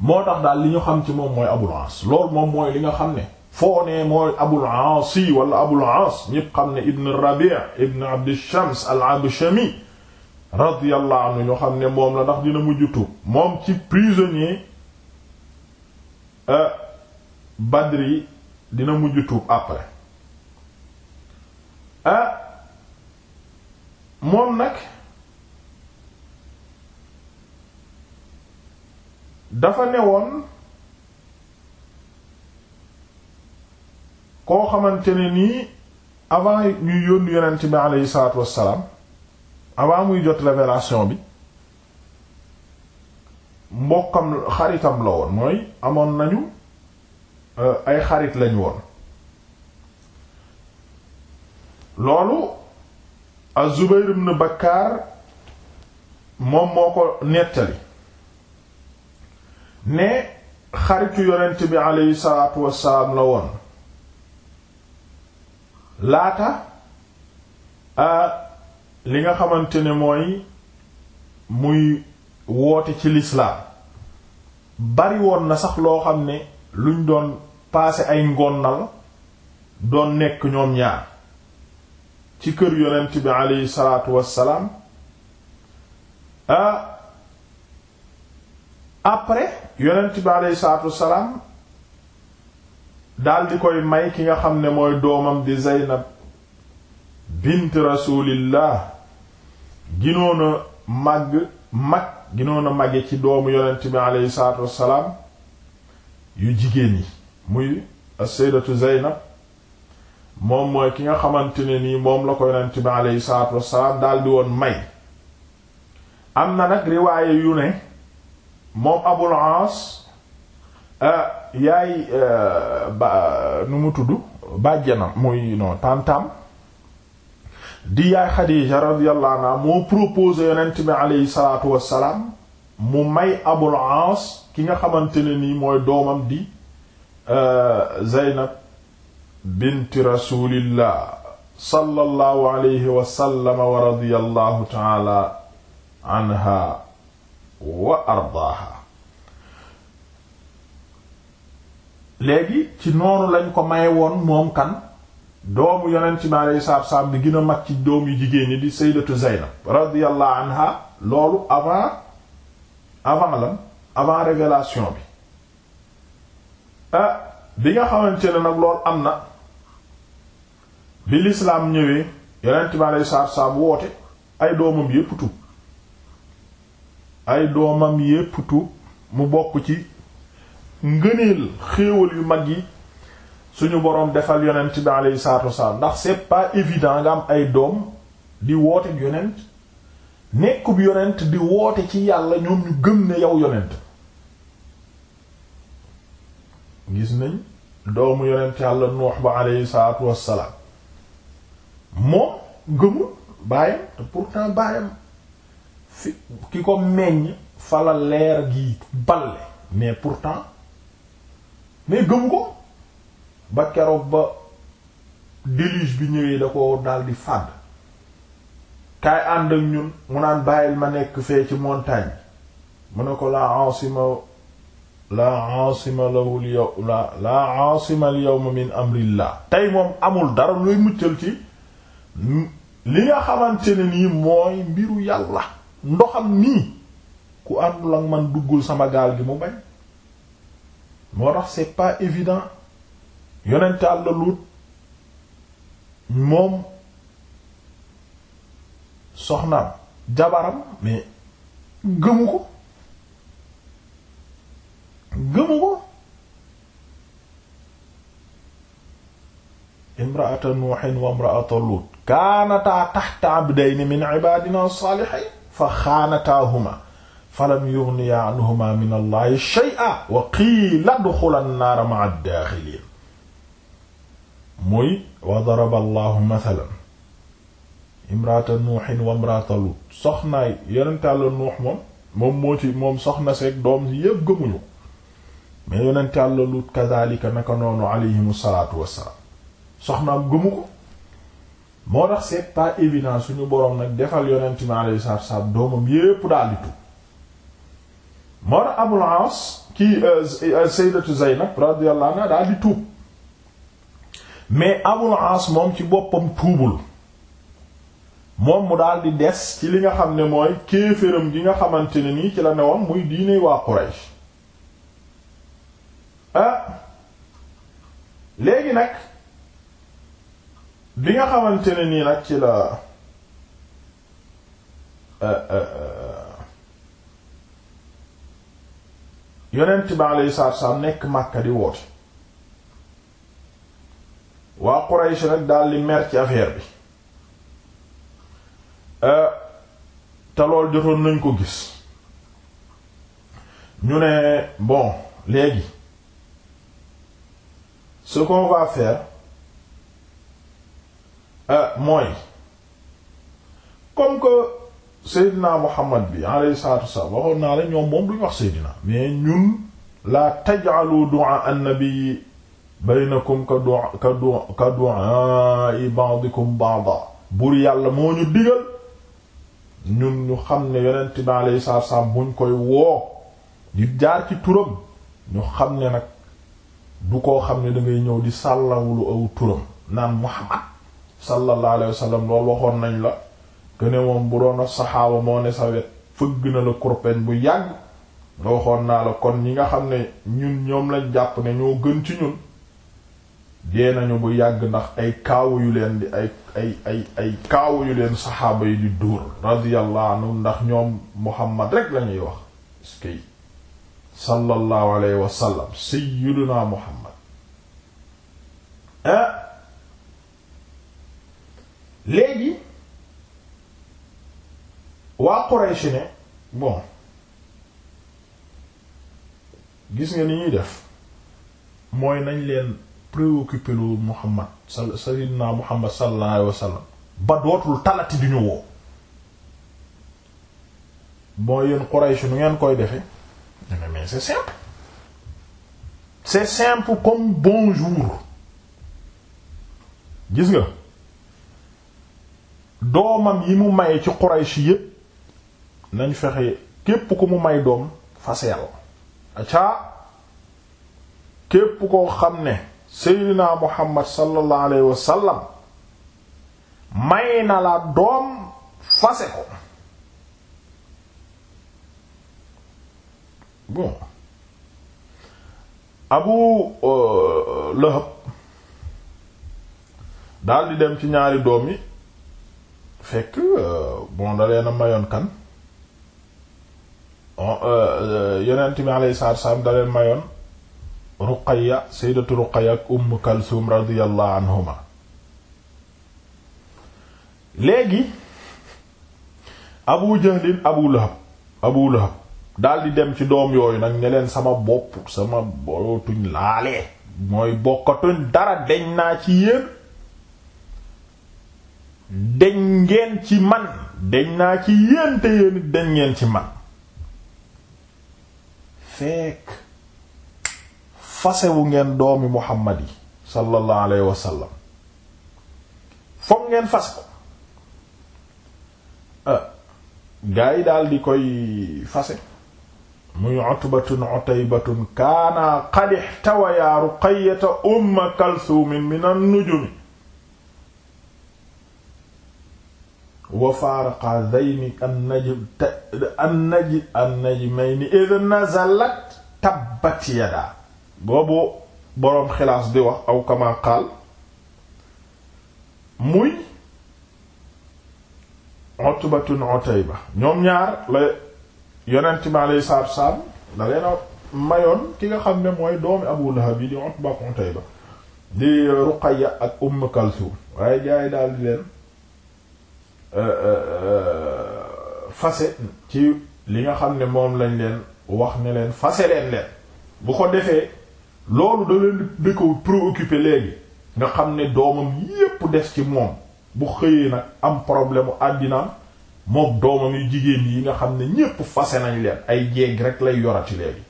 [SPEAKER 1] moo tax daal li ñu xam ci moom mooy Abul Aas loolu moom mooy li nga xam ne foo ne mooy Abul Aas yi wala Abul Aas ñépp xam ne Ibn Rabi' Ibn Abd Shams al-Abshami radiyallahu anhu ñu xam ne moom la ndax dina mujj tuub moom ci prisonnier Euh, Badri dina mujj tuub après euh, moom nag dafa ne woon koo xamante ne nii avant ñuy yónni yonent bi aleyhi salaatu wassalaam avant muy jot révélation bi mbokkam xaritam la woon mooy amoon nañu euh, ay xarit lañ woon loolu az-Zubayr ibn Bakkar moom moo ko nettali ne xaritu yonent bi aleyhi salaatu wassalaam la woon laata a euh, li nga xamante ni mooy muy woote ci lislaam bariwoon na sax loo xam ne luñ doon paase ay ngonnal doon nekk ñoom ñaar ci kër yonent bi aleyhi salaatu wassalaam ah après yonent bi aleyhi salaatu wassalaam daal koy may ki nga xam ne mooy doomam di Zeynab bint rasulillah ginoona màgg mag ginoon a ci doomu yonent bi aleyhi salaatu wassalaam yu jigéen yi muy as-sayyidatu Zaynab moom mooy ki nga xamante ne nii moom la ko yonent bi aleyhi salaatu wassalaam daldi woon may am na nag riwaaye yu ne moom Abul Aas euh, yaay euh, ba nu mu tudd bàjjanam muy non tantam di yaay Xadiija radiyallahu anha moo proposé yonent bi aleyhi salaatu wassalaam mu may Abul Aas ki nga xamante ne nii mooy doomam di euh, Zeynab bint rasulillah sallallahu alayhi wa sallam wa radiyallahu ta'ala anha wa ardaaha léegi ci noonu lañ ko may woon moom kan doomu yonent bi aleyhi salaatu wa bi gën a mag ci doom yu jigéen ñi di sayyidatu Zaynab radiyallahu anha loolu avant avant lan avant révélation bi ah bi nga xamante ne nag loolu am na bi lislaam ñëwee yonent bi aleyhi salaatu wa salaam woote ay doomam yépp tuub ay doomam yépp tuub mu bokk ci ngëneel xéewal yu mag yi suñu boroom defal yonent bi alayhi salaatu wasalaam ndax c'est pas évident nga am ay doom di woote yonent nekkub yonent di woote ci yàlla ñoom ñu gëm ne yow yonent gis nañ doomu yonent yàlla nuux ba alayhi salaatu wasalaam moom gëmul baayam pourtant baayam fi ki ko meññ fala leer gi balle mais pourtant mais gëm ko ba keroog ba déluge bi ñëwee da ko daldi fàdd kaay ànd ak ñun mu naan bàyyil ma nekk fee ci montagne mu ne ko laa asima laa asima yow la laa asima al yawma min amrillah tey moom amul dara looy muccal ci li nga xamante ne nii mooy mbiru yàlla ndoxam nii ku àndul ak man duggul sama gaal gi mu bañ moo tax c'est pas évident yonent Yàlla Luut moom soxnaam jabaram mais gëmu ko gëmu ko imraata nuuhin wa imraata Luut kaanataa tahta abdayni min ibaadinaa saalihiin fa xaanataahumaa falam yughniyaa anhumaa mina Allaahi shay'an wa qiila udxulaa nnaara ma'a ddaaxiliin muy wa daraba allahu mathalan imrata nuuxin wa imrata lut soxnaay yonentàlla nuux moom moom moom soxna seeg doom si yépp gëmuñu mais yonentàlla lut kadhalika naka noonu alayhim salaatu wassalaam soxnaam gëmu ko moo tax c'est pas évident suñu boroom nag defal yonent mi alayhi salaatu wassalaam doomam yépp daal di tu moo tax Abul Aas kii euh, euh, sayyidatu Zaynab radiyallahu anha daal di tuub mais Abul As moom ci boppam tuubul moom mu daal di des ci li nga xam ne mooy kéeféram gi nga xamante ne nii ci la newoon muy diine waa Quraysh ah, léegi nag bi nga xamante ne nii nag ci la eh, eh, eh, yonent bi alayhi salaatu wa salaam nekk Màkka di woote waa Quraysh nag daal di mer ci affaire bi euh, te lool jotoon nañ ko gis ñu ne bon léegi ce qu'on va faire euh, mooy comme que Seydina Muhammad bi alayhi salaatu wassalaam waxoon naa la ñoom moom duñ wax Seydina mais ñun la taj'alu du'a an-nabi baynakum ka du ka du ka du'a'i ba'dikum ba'da buur yàlla moo ñu digal ñun ñu xam ne yonent bi alayhi salaatu wassalaam buñ koy woo di jaar ci turam ñu xam ne nag du koo xam ne dangay ñëw di sàllawlu aw turam naan Muhammad sallallahu alayhi wasallam loolu waxoon nañ la ne moom bu doon a saxaaba moo ne sa wet fëgg na la kurpeñ bu yàgg nga waxoon naa la kon ñi nga xam ne ñun ñoom lañ jàpp ne ñoo gën ci ñun dee nañu bu yàgg ndax ay kaawu yu leen di ay ay ay kaawu yu leen saxaaba yu di dóor radiyallahu anhu ndax ñoom muhammad rek lañuy wax skay sallallahu alayhi wa sallam sayyiduna muhammad ah léegi waa Quraysh ne bon gis nga ni ñuy def mooy nañ leen préoccupé loo Muhammad sayyidina Muhammad sallallahu alayhi wa sallam ba dootul talati di ñu woo moo yéen Quraysh nu ngeen koy defe ñene mais c'est simple c'est simple comme bonjour gis nga doomam yi mu maye ci Quraysh yépp nañ fexe képp ku mu may doom faseel acaa képp koo xam ne seydina muhammad sallallahu alayhi wa sallam may na la doom fase ko bon abu euh, lahab daal di dem ci ñaari doom yi fekk euh, bon da leen a mayoon kan oh, euh, yonent bi alayhi salaam da leen mayoon ruqaya saydatu ruqaya léegi abu jahlin abu lahab abu lahab daldi dem ci doom yooyu nag ne leen sama bopp sama bootuñ laalee mooy bokkatuñ dara deñ naa ci yéen deñ ngeen ci man deñ naa ci yéen te yéen deñ ngeen ci man fekk fasewu ngeen doomi muhammad yi sallallahu alayhi wa sallam foog ngeen fas ko ah, gaa yi daal di koy fase muy utbatun utaybatun kaana qad ihtawa ya ruqayyata umma kalsuumin min an-nujumi wa faaraqa dhayni an-najm an-najmayni idh nazalat tabbat yadaa boobu boroom xilaas di wax aw kama qaal muy utbatun ba ñoom ñaar la yonent mi alayhi salaatu salaam da leena mayoon ki nga xam ne mooy doomi abu lahab yi di utba ak utayba di ruqayya ak umm kalsum waaye jaay daal di leen euh, euh, fase ci li nga xam ne moom lañ leen wax ne leen fase leen leen bu ko defee loolu da leen di ko préoccupé léegi nga xam ne doomam yépp def ci moom bu xëyee nag am problème mu àddinaam moom doomam yu jigéen yi nga xam ne ñépp fase nañ leen ay jeeg rek lay yorati léegi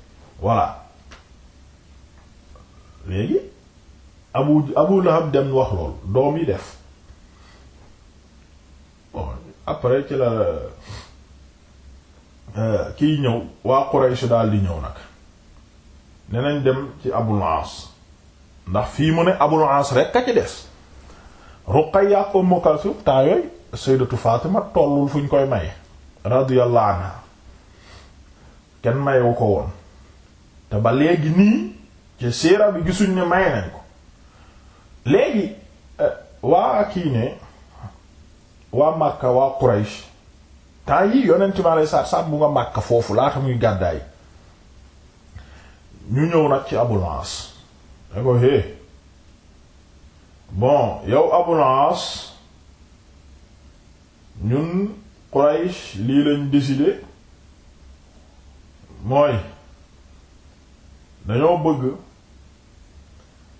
[SPEAKER 1] voilà léegi abu abu lahab dem wax lool doom yi def bon après ci la euh, kiy ñëw waa Quraysh daal di ñëw nag ne nañ dem ci Abul Aas ndax fii mu ne Abul Aas rek ka ci des Ruqayya ak Ummu Kalsum temps yooyu Sayyidatu tollul fu ñu koy maye radiyallahu anha kenn mayewu ko woon te ba léegi nii ci siira bi gisuñ ne maye nañ ko léegi eh, waa kii ne waa Makka waa Quraysh temps yi yonent mi aleyhi salaatu bu nga Makka foofu laata muy gàddaay ñu ñëw nag ci Abul ko hé bon yow Abul Aas ñun Quraysh lii lañ décidé mooy dañoo bëgg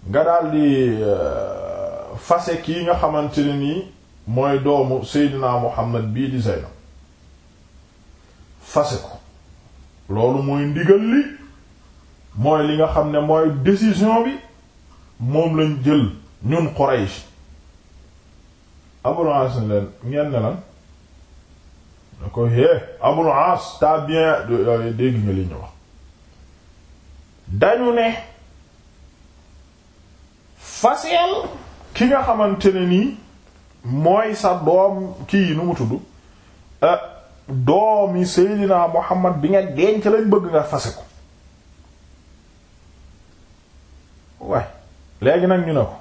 [SPEAKER 1] nga daldi euh, fase kii nga xamante ne nii mooy doomu Seydina Muhammad bii di Zaynab fase ko loolu mooy ndigal li mooy li nga xam ne mooy décision bi moom lañ jël ñun Quraysh Abul As leen ngeen ne lan da ko é eh, Abul As t'as bien euh, dégg nga li ñu wax dañu ne faseel ki nga xamante ne nii mooy sa doom kii nu mu tudd euh, doomi Seydina Muhammad bi nga denc lañ bëgg nga fase ko waay léegi nag ñu ne ko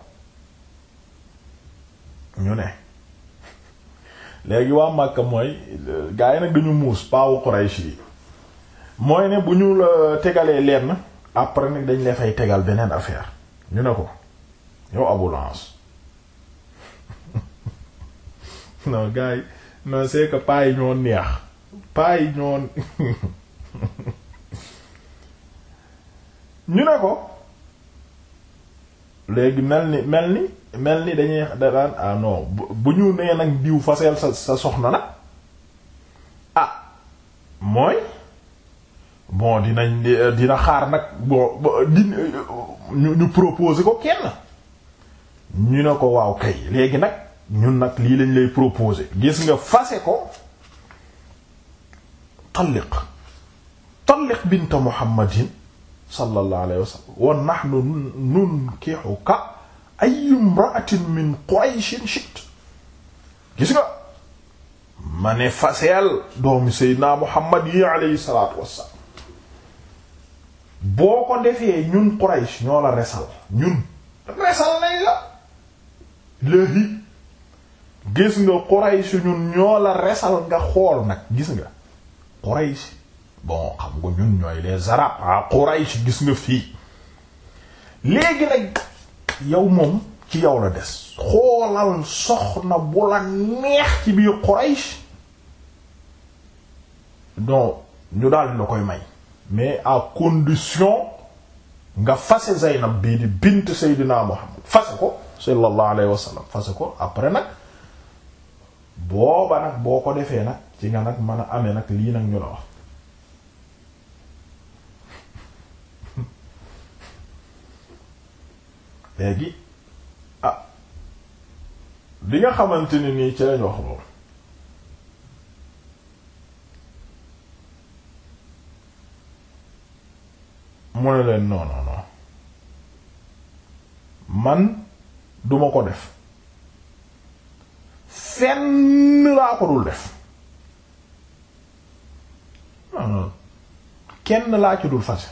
[SPEAKER 1] ñu ne léegi waa Makka mooy gaa yi nag dañu muus paawu Quraysh yi mooy ne bu ñu la tegalee na après nag dañ la fay tegal beneen affaire ñu ne ko yow ambulance non gars yi non paa yi ñoo neex paa yi ñoo ñu ne ko léegi mel ni mel ni mel ni dañuy daan ah bu ñu nee nag diw faseel sa sa soxna nag ah mooy bon dinañ dina xaar nag bon di ñu ñu proposer ko kenn ñu ne ko waaw kay léegi nag ñun nag lii lañ lay proposer gis nga fase ko talliq talliq bint muhammadin sallallahu alayhi wa sallam wa nahnu nunkihuka ayyu imra'atin min qurayshin shi'ta gis nga ma ne faseel doomi seydina muhammad yi alayhi salaatu wassalaam boo ko defee ñun quraysh ñoo la resal ñun resal nañ la léegi gis nga quraysh ñun ñoo la resal nga xool nag gis nga quraysh bon xam nga ñun ñooy les arabes ah Quraysh gis nga fii léegi nag yow moom ci yow la des xoolal soxna bu la neex ci biir Quraysh donc ñu daal la koy may mais à condition nga fase Zaynab bii di bint Seydina Muhammad fase ko sallallahu alayhi wa sallam fase ko après nag booba nag boo ko defee nag ci nga nag mën a amee nag lii nag ñu la wax léegi ah bi nga xamante ni nii ci lañ wax loolu mu ne leen non non man duma ko def fenn laa ko dul def non non kenn laa ci dul fase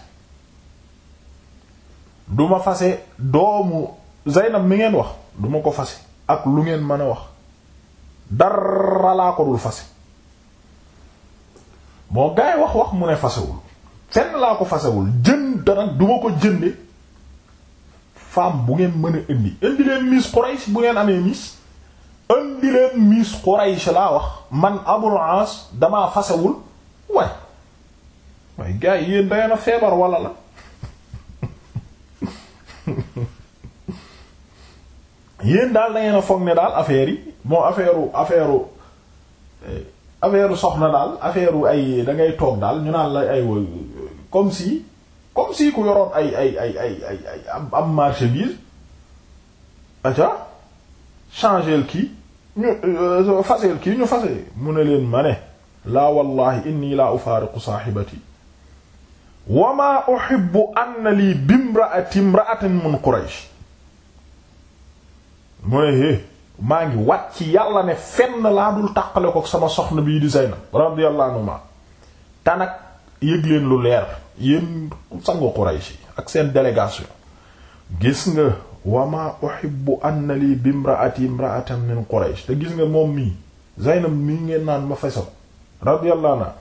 [SPEAKER 1] du ma fase doomu Zaynab mi ngeen wax duma ko fase ak lu ngeen mën a wax dara laa ko dul fase moo gaay wax wax mu ne fasewul fenn laa ko fasewul jënd dara du ko jënde femme bu ngeen mën a indi indi leen Miss Quraish bu ngeen amee miis indi leen Miss Quraish laa wax man Abul Aas damaa fasewul way way gaay yéen dangeen a feebar wala la yéen daal da ngeen foog ne daal affaire moo affaire affaire eh, affaire soxna daal affaire ay da toog daal ñu naan la ay comme si comme si ku yoroon ay ay ay ay am marchandise aca changeel kii ñu euh, faseel kii ñu fase mu ne leen ma ne laa wallahi inni laa ufaariqu saaxibati wa maa uhibbu an lii bimra'ati imra'atin min quraysh mu ne maa ngi wat ci yàlla ne fenn laa dul tàqale ko sama soxna bii di Zaynab radiyallahu anha te lu leer yéen sangu Quraysh yi ak seen délégation gis nga wama uhibbu anna li bi imraati imraatan min Quraysh te gis nga moom mii Zaynab mii ngeen naan ma fese ko radiyallahu anha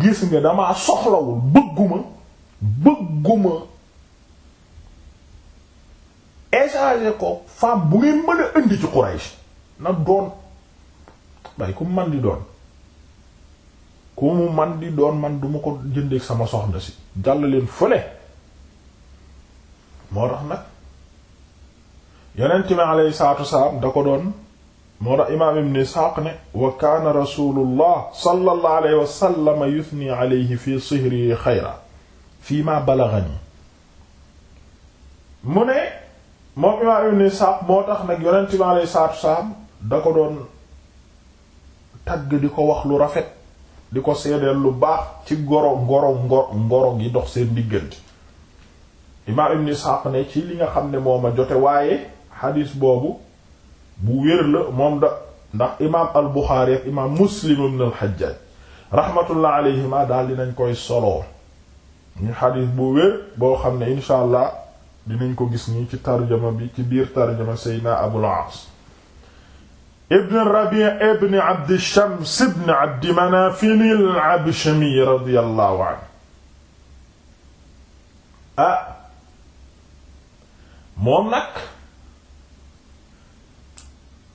[SPEAKER 1] gis nga damaa soxlawul bëgguma bëgguma échanger ko femme bu ngeen mën a indi ci Quraysh na doon bay ku man di doon ku mu man di doon man duma ko jëndee sama soxna si jàll leen fële moo tax nag yonent mi alayhi salaatu wasalaam da ko doon moo tax imaam ibn Isxaaq ne wa kaana rasulullah sallallahu alayhi wa sallam yusni fi sihri xayra fii ma balaghani mu ne moom imaam ibn Isaaq moo tax nag yonent bi alayhi salaatu salaam da ko doon tagg di ko wax lu rafet di ko seedeel lu baax ci goro goro ngor ngoro gi dox seen diggante imaam ibn Isaaq ne ci li nga xam ne moo ma jote waaye xadiis boobu bu wér la moom da ndax imaam al Buxaari ak imaam Muslim ibn al Hajjaj rahmatullah alayhima daal dinañ koy soloo ñu xadiis bu wér boo xam ne insha allah dinañ ko gis nii ci tarjama bi ci biir tarjama seydna abul aas ibn rabi ibn abdi shams ibn abdi manafin al abshami radiyallahu anhu ah moom nag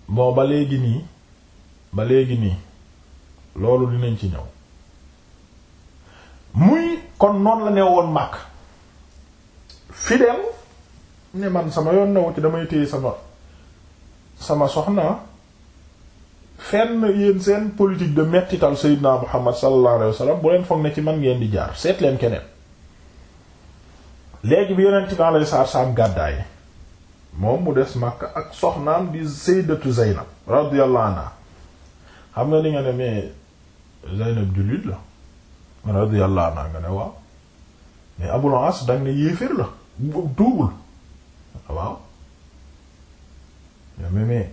[SPEAKER 1] moo ba léegi nii ba léegi nii loolu dinañ ci ñëw muy kon noonu la ne woon mag fidèle ne man sama yoon na ci damay téye sama sama soxna fenn yéen seen politique de mettital Seydina Muhammad sallallahu alayhi wa bu leen foog na ci man ngeen di jaar seet leen keneen léegi bi yonent bi alayhi salaatu salaam gàddaay moom mu des Makka ak soxnaam di Sayyidatu Zeynab radiyallahu anha xam nga ni nga ne mais Zeynab jullit la radiyallahu anha nga ne waaw mais Abul As danga ne yéeféer la duubul waaw ñoo mais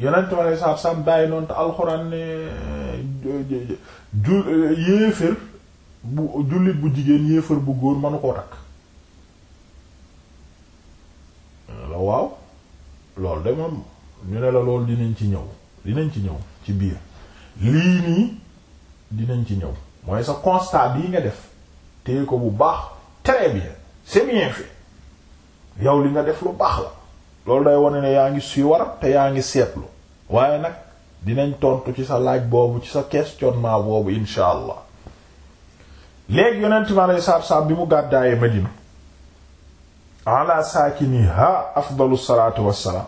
[SPEAKER 1] yonent ma ne saab saab daay noonu te alxuraan ne ju yéeféer bu jullit bu jigéen yéeféer bu góor manu koo takk la waaw loolu de moom ñu ne la loolu dinañ ci ñëw dinañ ci ñëw ci biir lii nii dinañ ci ñëw mooy sa constat bii nga def téye ko bu baax très bien c'est bien yow li nga def lu baax la loolu day wone ne yaa ngi suivre te yaa ngi seetlu waaye nag dinañ tontu ci sa laaj boobu ci sa questionnement boobu insha allah léegi yonent mi aleyhi salaatu salaam bi mu gàddaayee Madina ala saakiniha afdalu salaatu wassalaam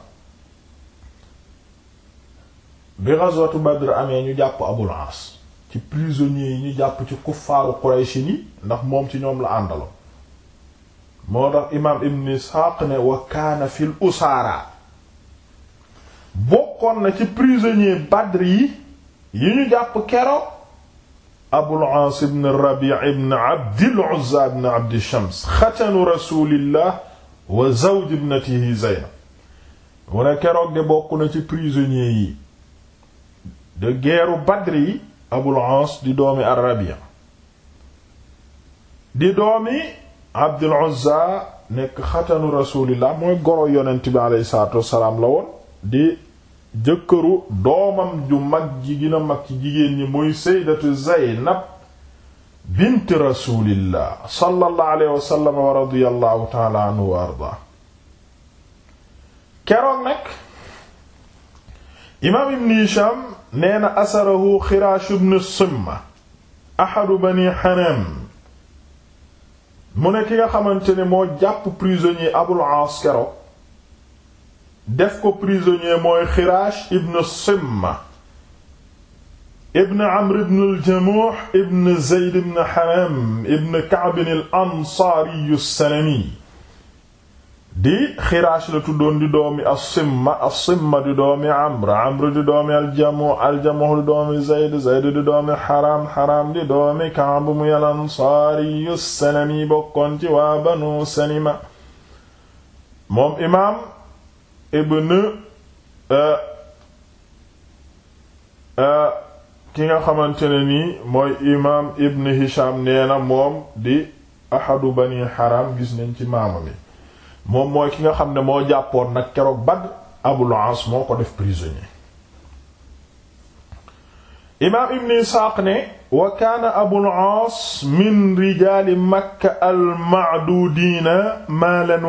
[SPEAKER 1] bi ghazwatu Badr amee ñu jàpp Abul Aas ci prisonniers yi ñu jàpp ci kuffaaru Quraysh yi ndax moom ci ñoom la àndaloon moo tax imaam ibn Isxaaq ne wa na ci prisonnier Badr yi yi ñu jàpp kero Abul Aas ibn Rabi' ibn Abdil Uzza ibn Abdi Shams xatanu rasulillah wa zawj ibnatihi Zaynab mu ne keroog de bokk na ci prisonnier yi de guerru Badr yi Abul Aas di doomi ar di doomi Abdul Uzza nekk xatanu rasulillah mooy goro yonent bi aleyhi salaatu wassalaam la woon di jëkkëru doomam ju mag ji gën a mag ci jigéen ñi muy sayyidatu Zaynab bint rasulillah sallallahu alayhi wasallam wa radiyallahu taala anhu wa arda keroon nag imaam ibn Hisham nee na asarahu Xiraash ibn Simma ahadu bani Haram mu ne ki nga xamante ne moo jàpp prisonnier Abul Aas kero def ko prisonnier mooy Xiraash ibn Simma ibn Amr ibn al-Jamuh ibn Zayd ibn Haram ibn Ka'b al-Ansari as di xiraash la tuddoon di doomi as-simma di doomi amr amr di doomi aljamuh aljamuh di doomi zayd zayd di doomi xaram xaram di doomi ka'b muy al-ansaari as-salami bokkoon ci waa banu salima moom imaam ibn eh, eh, ki nga xamante ne nii mooy imaam ibn hisham nee moom di ahadu bani xaram gis nañ ci maama mi moom mooy ki nga xam ne moo jàppoon nag keroog Badr Abul As moo ko def prisonnier imaam Ibn Isaaq ne wa kaana Abul As min rijaali Makka al-ma'duudiina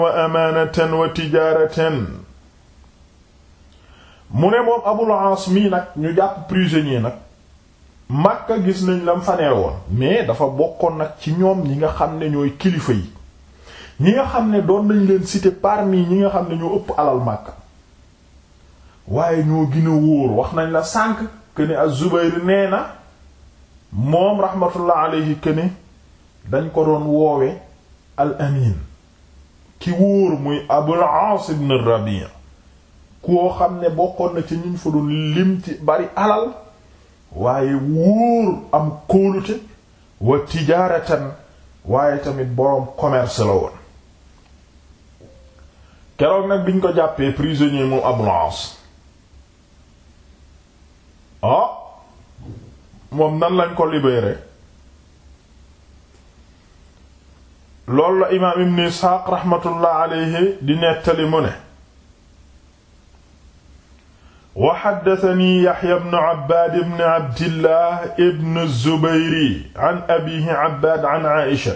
[SPEAKER 1] wa amaanatan wa tijaaratan mu ne moom Abul As mii nag ñu jàpp prisonnier nag Makka gis nañ lam fa nee woon dafa bokkoon nag ci ñoom ñi nga xam ne ñooy kilifa yi ñi nga xam ne doon nañ leen citer parmi ñi nga xam ne ñoo ëpp alal Makka waaye ñoo gën a wóor wax nañ la sànq que a az nee na moom rahmatullah alayhi que ne dañ ko doon woowe al amin ki wóor muy Abul Aas ibn Rabi' koo xam ne bokkoon na ci ñun fa doon lim ci bari alal waaye wóor am kóolute wa tijaaratan waaye tamit boroom commerce la woon keroog nag biñ ko jàppee prisonnier moom Abul Aas ah moom nan lañ ko libéré loolu la imaam Ibn Isxaaq raxmatullah alayhi di nettali mu ne wa xaddatani yaxya bnu abbaad ibn abdillah ibn zubayri an abihi abbaad an aisha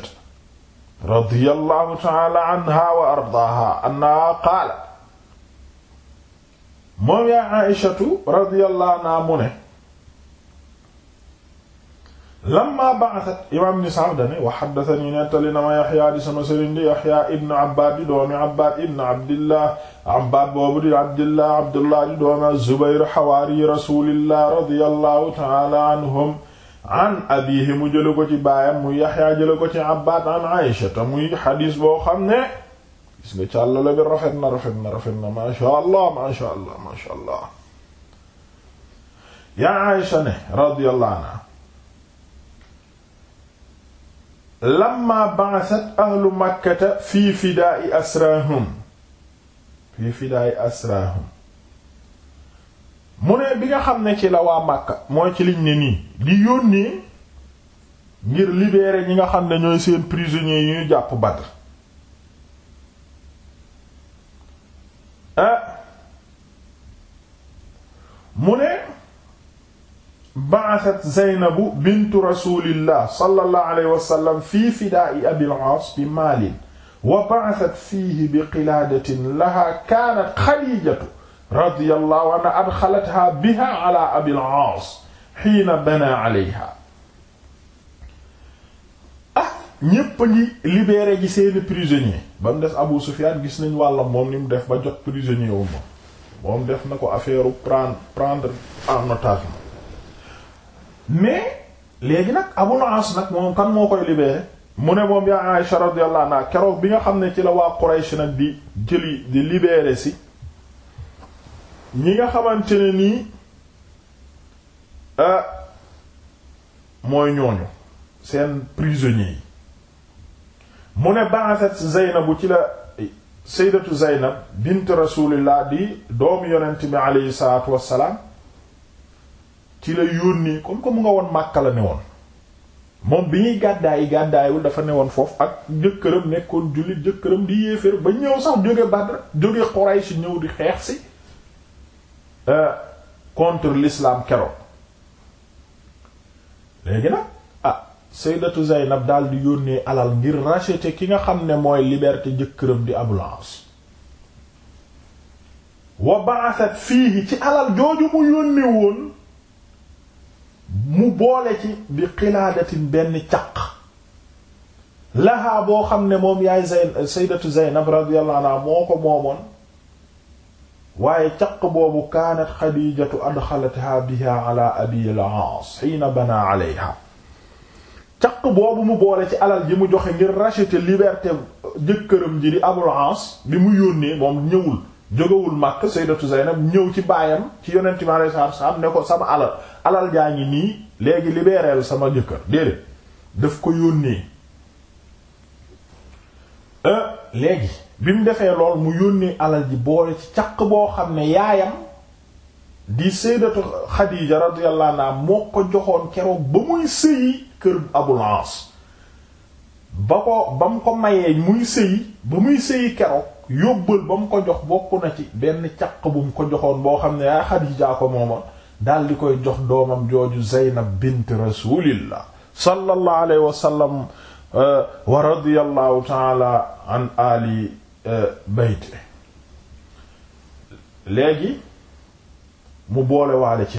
[SPEAKER 1] radiyallahu ta'ala anha wa ardaaha annaha qaalat moom yaa Aysatu radiyallahu anha mu ne lamma ba'athat imaam ibn Sa'd dane wa haddathanii nettali na ma Yaxyaa di sama sëriñ di Yaxyaa ibn Abbaad di doomi Abbaad ibn Abdillah Abbaad boobu di Abdillah Abdullah di doomi Zubayr xawaari rasuulillah radiyallahu ta'ala anhum an abiihi mu jële ko ci baayam muy yaxyaa jële ko ci abbaad an aïsha te muy xadiis boo xam ne gis nga càlla la bi rafet na rafet na rafet na maasha allah maasha allah maasha allah yaa aïsha ne radiyallahu anha lamma ba'athat ahlu makkata fii fidaa'i asraahum fii fidaa'i asraahum mu ne bi nga xam ne ci la waa Makka mooy ci liñ ne nii di yónnee ngir libérer ñi nga xam ne ñooy seen prisonniers yu ñu jàpp Badr eh, mu ne ba'athat Zaynabu bintu rasulillah sallallahu alayhi wa sallam fi fidaa'i Abil Aas bi maalin wa ba'athat fiihi bi qilaadatin lahaa kaanat Xadiijatu radiyallahu anha adxalatha biha ala abil aas xiina bana alayha ah ñépp a ngi libéré ji seeni prisonnier ba mu des Abu Sufyan gis nañu wàlla moom ni mu def ba jot prisonnier wu moom def na ko affaire prendre prendre en otage mais léegi nag Abul As nag moom kan moo koy libéré mu ne moom yaa Aïsha radiyallahu anha keroog bi nga xam ne ci la waa Quraysh nag di jëli di libéré si ñi nga xamante ne nii ah, mooy ñooñu seen prisonniers yi mu ne ba'athat Zeynabu ci la sayyidatu Zeynab bint rasulillah di doomu yonent bi aleyhi salaatu wassalaam ci la yónni comme que mu nga woon màqala la woon moom bi ñuy gàddaay yi gàddaayul dafa ne woon foofu ak jëkkëram nekkoon jullit jëkkëram di yéeféer ba ñëw sax jóge Badr jóge Quraysh ñëw di xeex si Euh, contre lislaam keroog léegi nag ah sayyidatu Zaynab daal di yónnee alal ngir racheter ki nga xam ne mooy liberté jëkkëram di Abul As wa fii fiihi ci alal jooju mu yónnee woon mu boole ci bi xilaadatin benn caq lahaa boo xam ne moom yaay Zayn sayyidatu Zaynab radiyallahu anha moo ko moomoon waaye caq boobu kaanat xadijatu adxalatha biha ala abi al-aas xiina bana caq boobu mu boole ci alal ji mu joxe ngir racheter liberté jëkkëram ji di abul aas bi mu yónnee moom ñëwul jógawul màkk sayyidatu zaynab ñëw ci baayam ci yonente mi alei satu ne ko sama alal alal jaa ngi nii léegi libéréel sama jëkkër déedéet daf ko yónnee euh, léegi bi mu defee lool mu yónnee alal ji boole ci caq boo xam ne yaayam di sayyidatu Xadiija radiyallahu anha moo ko joxoon keroog ba muy sëyi kër Abul As ba ko ba mu ko mayee muy sëyi ba muy sëyi keroog yóbbal ba mu ko jox bokk na ci benn caq bu mu ko joxoon boo xam ne yaa Xadiija ko moomoon daal di koy jox doomam jooju Zeynab bint rasulillah sallallahu alayhi wa sallam wa radiyallahu ta'ala an ali Euh, bayt léegi mu boole waale ci